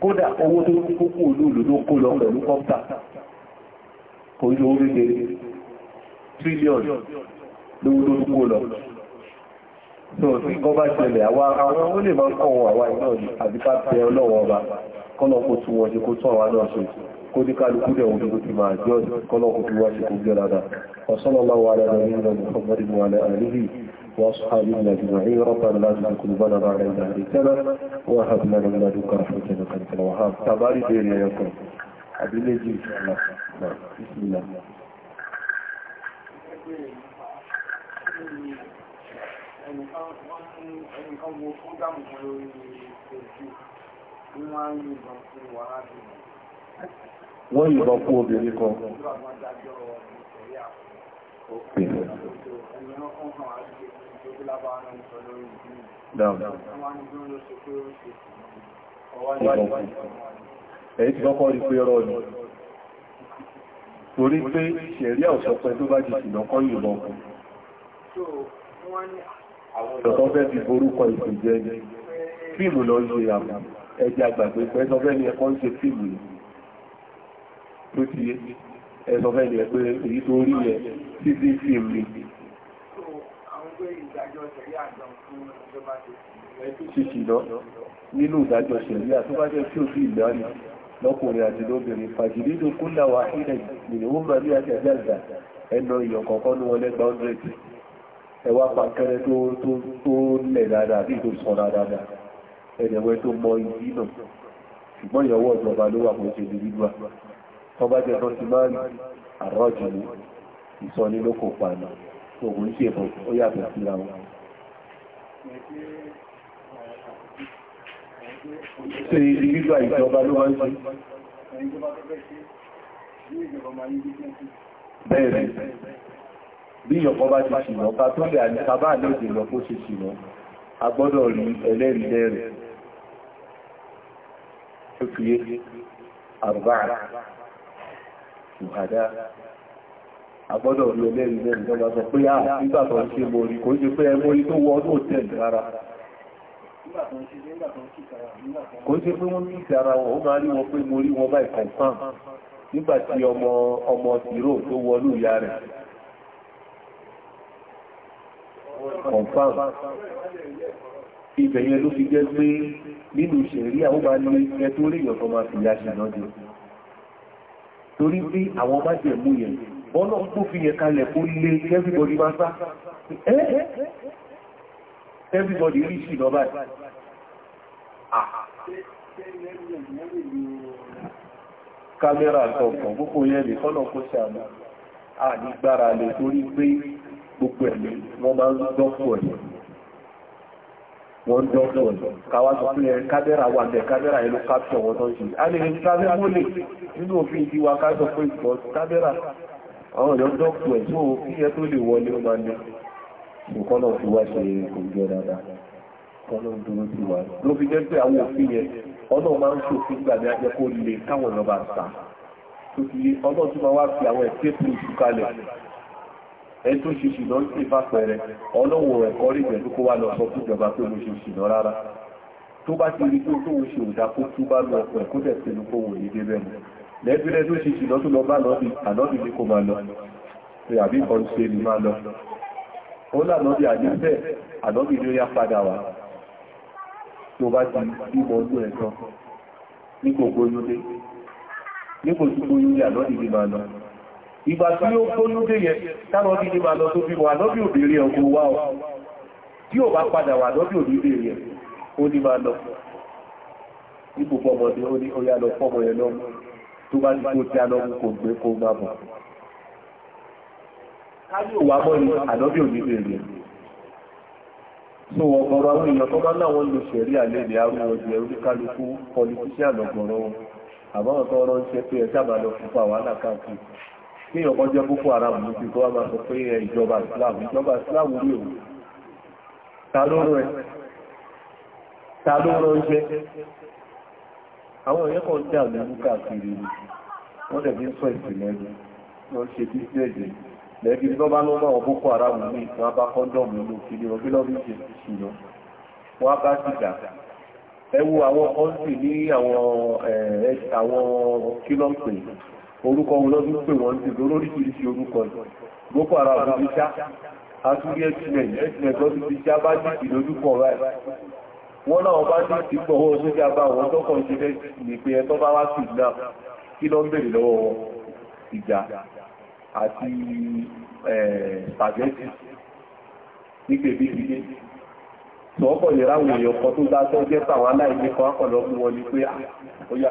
kódà owó tó kó kó olóòlò ló kó lọ pẹ̀lú kọ́ńtà kò ní owó kékeré trillion lówó tó kó lọ so tí kọ́ bá ṣẹlẹ̀ àwọn ó lè máa kọ́ wọn àwa àbíká tẹ ọlọ́wọ́ ọba kọ́nà kó tún wọn ṣe kó tún àwa náà ṣe oníkàlùkù dẹ̀ òun ló ti máa jọ kọ́lọ̀kù tó wá sí kò jẹ́ rádà wasallallahu ala nabiyina muhammadin wa ala alihi wa ashabihi ajma'in rabbana la tuzigh qulubana ba'da idh hadaytana wa hab lana min ladunka rahmatan innaka antal wahhab tabari bere yako abile ji inshallah bismillah ẹnìkan wọ́n ní ẹnìkan wo fúgbàmù lórí ojú wọ́n á yìnbọn fún wàhálà wọ́n yìnbọn kú obìnrin kan Èyí ti kọ́kọ́ rí pé ọ̀rọ̀ ni. Torí pé ṣẹ̀rí ọ̀sọ̀pẹ́ tó bá ti ṣìnà kọ́ yìnbọn kú. Àwọn fẹ́ fi borúkọ ìpìjẹ́ ni. Fíìmù lọ ṣe àmà ẹjẹ́ àgbàgbé pẹ́ sọ fẹ́ ni ẹkọ́ ń ṣe fíìmù yìí tó ti yé ẹ̀sọ̀ fẹ́ ilẹ̀ pé èyí tó rí yẹ títí sí èmi ṣíṣì lọ nínú ìdájọ́ ṣẹ̀ríà tó bá jẹ́ tí ó sí ìlànà lọ́kùnrin àti lóbìnrin fàjìlì tó kún láwà ilẹ̀ ìrìnwó máa ní àti àjẹ́gbà ẹnà ìyàn kọ̀ọ̀kan ní wọn lẹ́gbà 100 ẹwà pàkẹrẹ tó lẹ̀ dáadáa bí tó sọ dáadáa ẹ̀dẹ̀wẹ́ tó mọ ìdí náà ṣùgbọ́n ìyàwó ọ̀dọ̀ba ló wà kò ṣe dìbídúà tọba jẹ́ tó ti máa ń àrọ́jù ní ìsọnilókò pàánà gbogbo ń ṣèbọ̀ ó yàtọ̀ síra wọn ṣe ìgbígbà ìjọba ló wọ́n ṣe bẹ́ẹ̀rẹ̀ bí ìyọ̀kọ́ bá ti ṣìnà ká tó lè àníkà bá lè dìlọ kó ṣe ṣìnà a ṣùhàdá agbọ́dọ̀ rí ẹlẹ́rìí lẹ́rìí lọ́wọ́ sọ pé á nígbà tó ń ṣe mori kò ń ṣe pé ẹmórí tó wọ ọdún òtẹ́ẹ̀lì rárá kò ń ṣe pé wọ́n kíkì ara wọn ó máa rí wọn pé mori wọn báyìí kọ̀ǹfàm nígbàtí ọmọ ọmọ tìró tó wọlú ìyá rẹ̀ kọ̀ǹfàm ibẹ̀ yẹn ló fi jẹ́ pé nínú ìṣẹ̀rí àwọn ní ẹtó torí pé àwọn bá jẹ̀ mú yẹn bọ́nà tó fi yẹ kalẹ̀ kó lé everybody bá sá everybody rí sí lọ báyìí ah. kámẹ́rà kọ̀ọ̀kan púpọ̀ yẹn lè fọ́nà kó ṣàmà àdígbára lè torí pé gbogbo ẹ̀mí wọ́n máa ń gbọ́pọ̀ ẹ̀mí wọ́n dọ́dọ̀ káwà tó fún ẹ̀rẹ́ kábẹ́rà wà bẹ̀ kábẹ́rà ẹ̀lú kápṣọ̀ wọ́n tán sí alẹ́rẹ́ kábẹ́ múlẹ̀ nínú òfin ìdí wa kájọ pé ìpọ̀ kábẹ́rà àwọn ọ̀dọ́ dọ́kù ẹ̀ tó fíyẹ tó lè wọlé ó máa ní nǹkan náà fi wá ṣe kò jẹ́ dáadáa kan ló ń dúró sí wa ló fi jẹ́ pé àwọn òfin yẹn ọ̀nà máa ń ẹ̀tún ṣe ṣìdọ́ sí ìfàpẹ̀rẹ̀ ọlọ́wọ̀ rẹ̀ kọrí pẹ̀lú kó wá lọ sọ fún ìjọba pé mo ṣe ṣìdọ́ rárá tó bá ti rí tó ń ṣe òdá kó tú bá lọ ọ̀pọ̀ ẹ̀kó tẹ̀ sínú kó wò ní débẹ̀ mọ́ lẹ́gbẹ̀rẹ́ tó ṣe ṣìdọ́ tó lọ bá lọ bí ànọ́bì ní kó máa lọ pé àbí kan ṣe ni máa lọ ó lànọ́bì àdíṣẹ́ ànọ́bì ní ó yá padà wá tó bá ti bímọ ọdún ẹ̀ ní gbogbo yúdé ní gbogbo yúdé ànọ́bì ní máa lọ ìgbà tí ó gbónúdé yẹ tánà bí ní bàlọ́ tó bí wà lọ́bí òbèrè ọkùn wá ọ̀ tí ó bá padà wà lọ́bí òbèrè rẹ̀ ó ní máa lọ ipò fọmọdé ó ní ọya lọ fọmọ ẹ̀ lọ́mọ tó bá ní kó tí a lọ́mú kò gbé kó má bọ̀ wà àwọn èèyàn tó bá láwọn lò ṣẹ̀rí àlẹ́ ilẹ̀ arúgbó ọjọ́ oníkálukú pọlitíṣíà lọ́gọ̀rọ̀ àbáwọn tó ránṣẹ́ pé ẹ lọ fún fún àwọn ní ọkọjọ́ púpọ̀ ara mú ti tó wá máa sọ pé ìjọba Islam ìjọba Islam rí òun ta ló rọ ẹ ta ló rọ iṣẹ́ àwọn èèyàn kan jẹ́ àlúrú káàkiri wọ́n dẹ̀ ń sọ ìsìnlẹ̀ ẹni wọ́n ṣe Boko Haram ní ìtàn bá kọ́ndọ̀mù inú kiri ọbí lọ́bí ṣe ṣùgbọ́n wọ́n bá ti dà ẹ wo àwọn kọ́ńtì àwọn kílọ̀pù orúkọ wọn lọ́dún pé wọ́n ti lóríṣiríṣi orúkọ boko haram ti ṣá àtúrí ẹtìmẹ̀ ẹtìmẹ̀ lọ́dún ti ṣá bá jìtì lójúkọ̀ rẹ̀ wọ́n náà bá ní ti gbọ̀wọ́ sójà bá wọn tọ́kọ̀ ṣe fẹ́ ní pé ẹtọ́ bá wá sí ìgbà kí ló ń bèrè lọ́wọ́ wọn ìjà àti pàgẹ́tì nígbè bí ilé sọ́kọ̀ lè ráwọn èèyàn kan tó dá tó jẹ́ tàwọn aláìní kan akọ̀lọ́ fún wọn ni pé ah, ó yá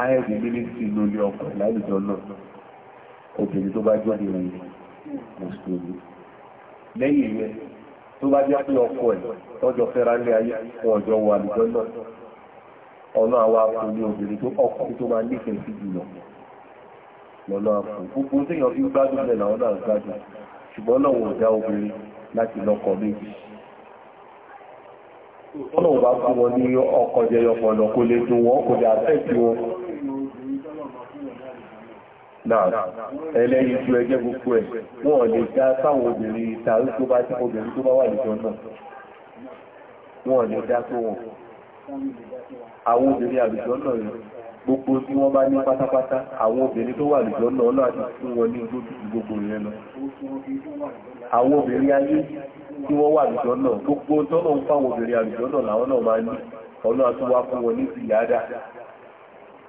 àìrí mínísì lórí ọkọ̀ láìjọ náà obìnrin tó bá jọ ní rẹ̀ mùsùlùmí lẹ́yìn rẹ̀ tó bá jẹ́ pé ọkọ̀ ẹ̀ tọ́jọ́ fẹ́ra ní ayé ọjọ́ wà lùjọ náà ọ̀nà àwọn afún ní obìnrin tó ọkọ̀ tó máa nífẹ̀ẹ́ sí jùlọ lọ́nà afún gbogbo tí èèyàn fi gbádùn mẹ́lá ọ̀nà àgbádùn ṣùgbọ́n náà wọ́n dá obìnrin láti lọ́kọ̀ méjì ọ̀nà ọba fún wọn ní ọkọ̀ jẹyọ pọ̀nà kó lè tó wọn kò dá tẹ́ẹ̀kì wọn náà ẹlẹ́yìn tí ẹjẹ́ gbogbo ẹ̀ wọ́n lè dá sáwọn obìnrin ìtàrí tó bá tíkọ obìnrin tó bá wà lè jọ náà wọ́n lè dá tó wọn àwọn obìnrin àlùjọ náà rẹ̀ gbogbo tí wọ́n bá ní pátápátá àwọn obìnrin tó wà lùjọ náà láti fún wọn ní gbogbo ìyẹn àwọn obìnrin ayé tí wọ́n wà àlùjọ náà gbogbo tọ́nà ń fáwọn obìnrin àlùjọ náà làwọn náà máa ní ọ̀nà àtúwá fún wọn ní ìyáda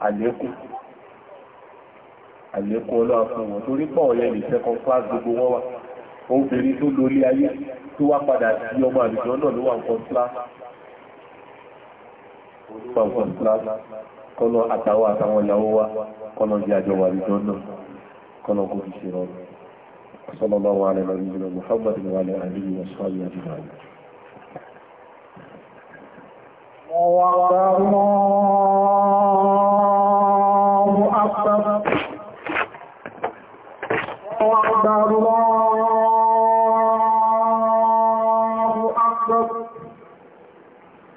àlékún àlékún ọlọ́wà fún wọn torí pọ̀ ọ̀yẹ́ lè second class gbogbo wọn wà obìnrin tó lórí ayé tó wá padà sí ọmọ àlùjọ náà ló wà nǹkan class nǹkan kọ́nà àtàwọn àtàwọn ìyàwó wa kọ́nà jẹ́ àjọ wà àlùjọ náà kọ́nà kò fi ṣe rọrùn صلى الله على نبينا محمد وعلى آله وصحبه أجمعين الله أكبر الله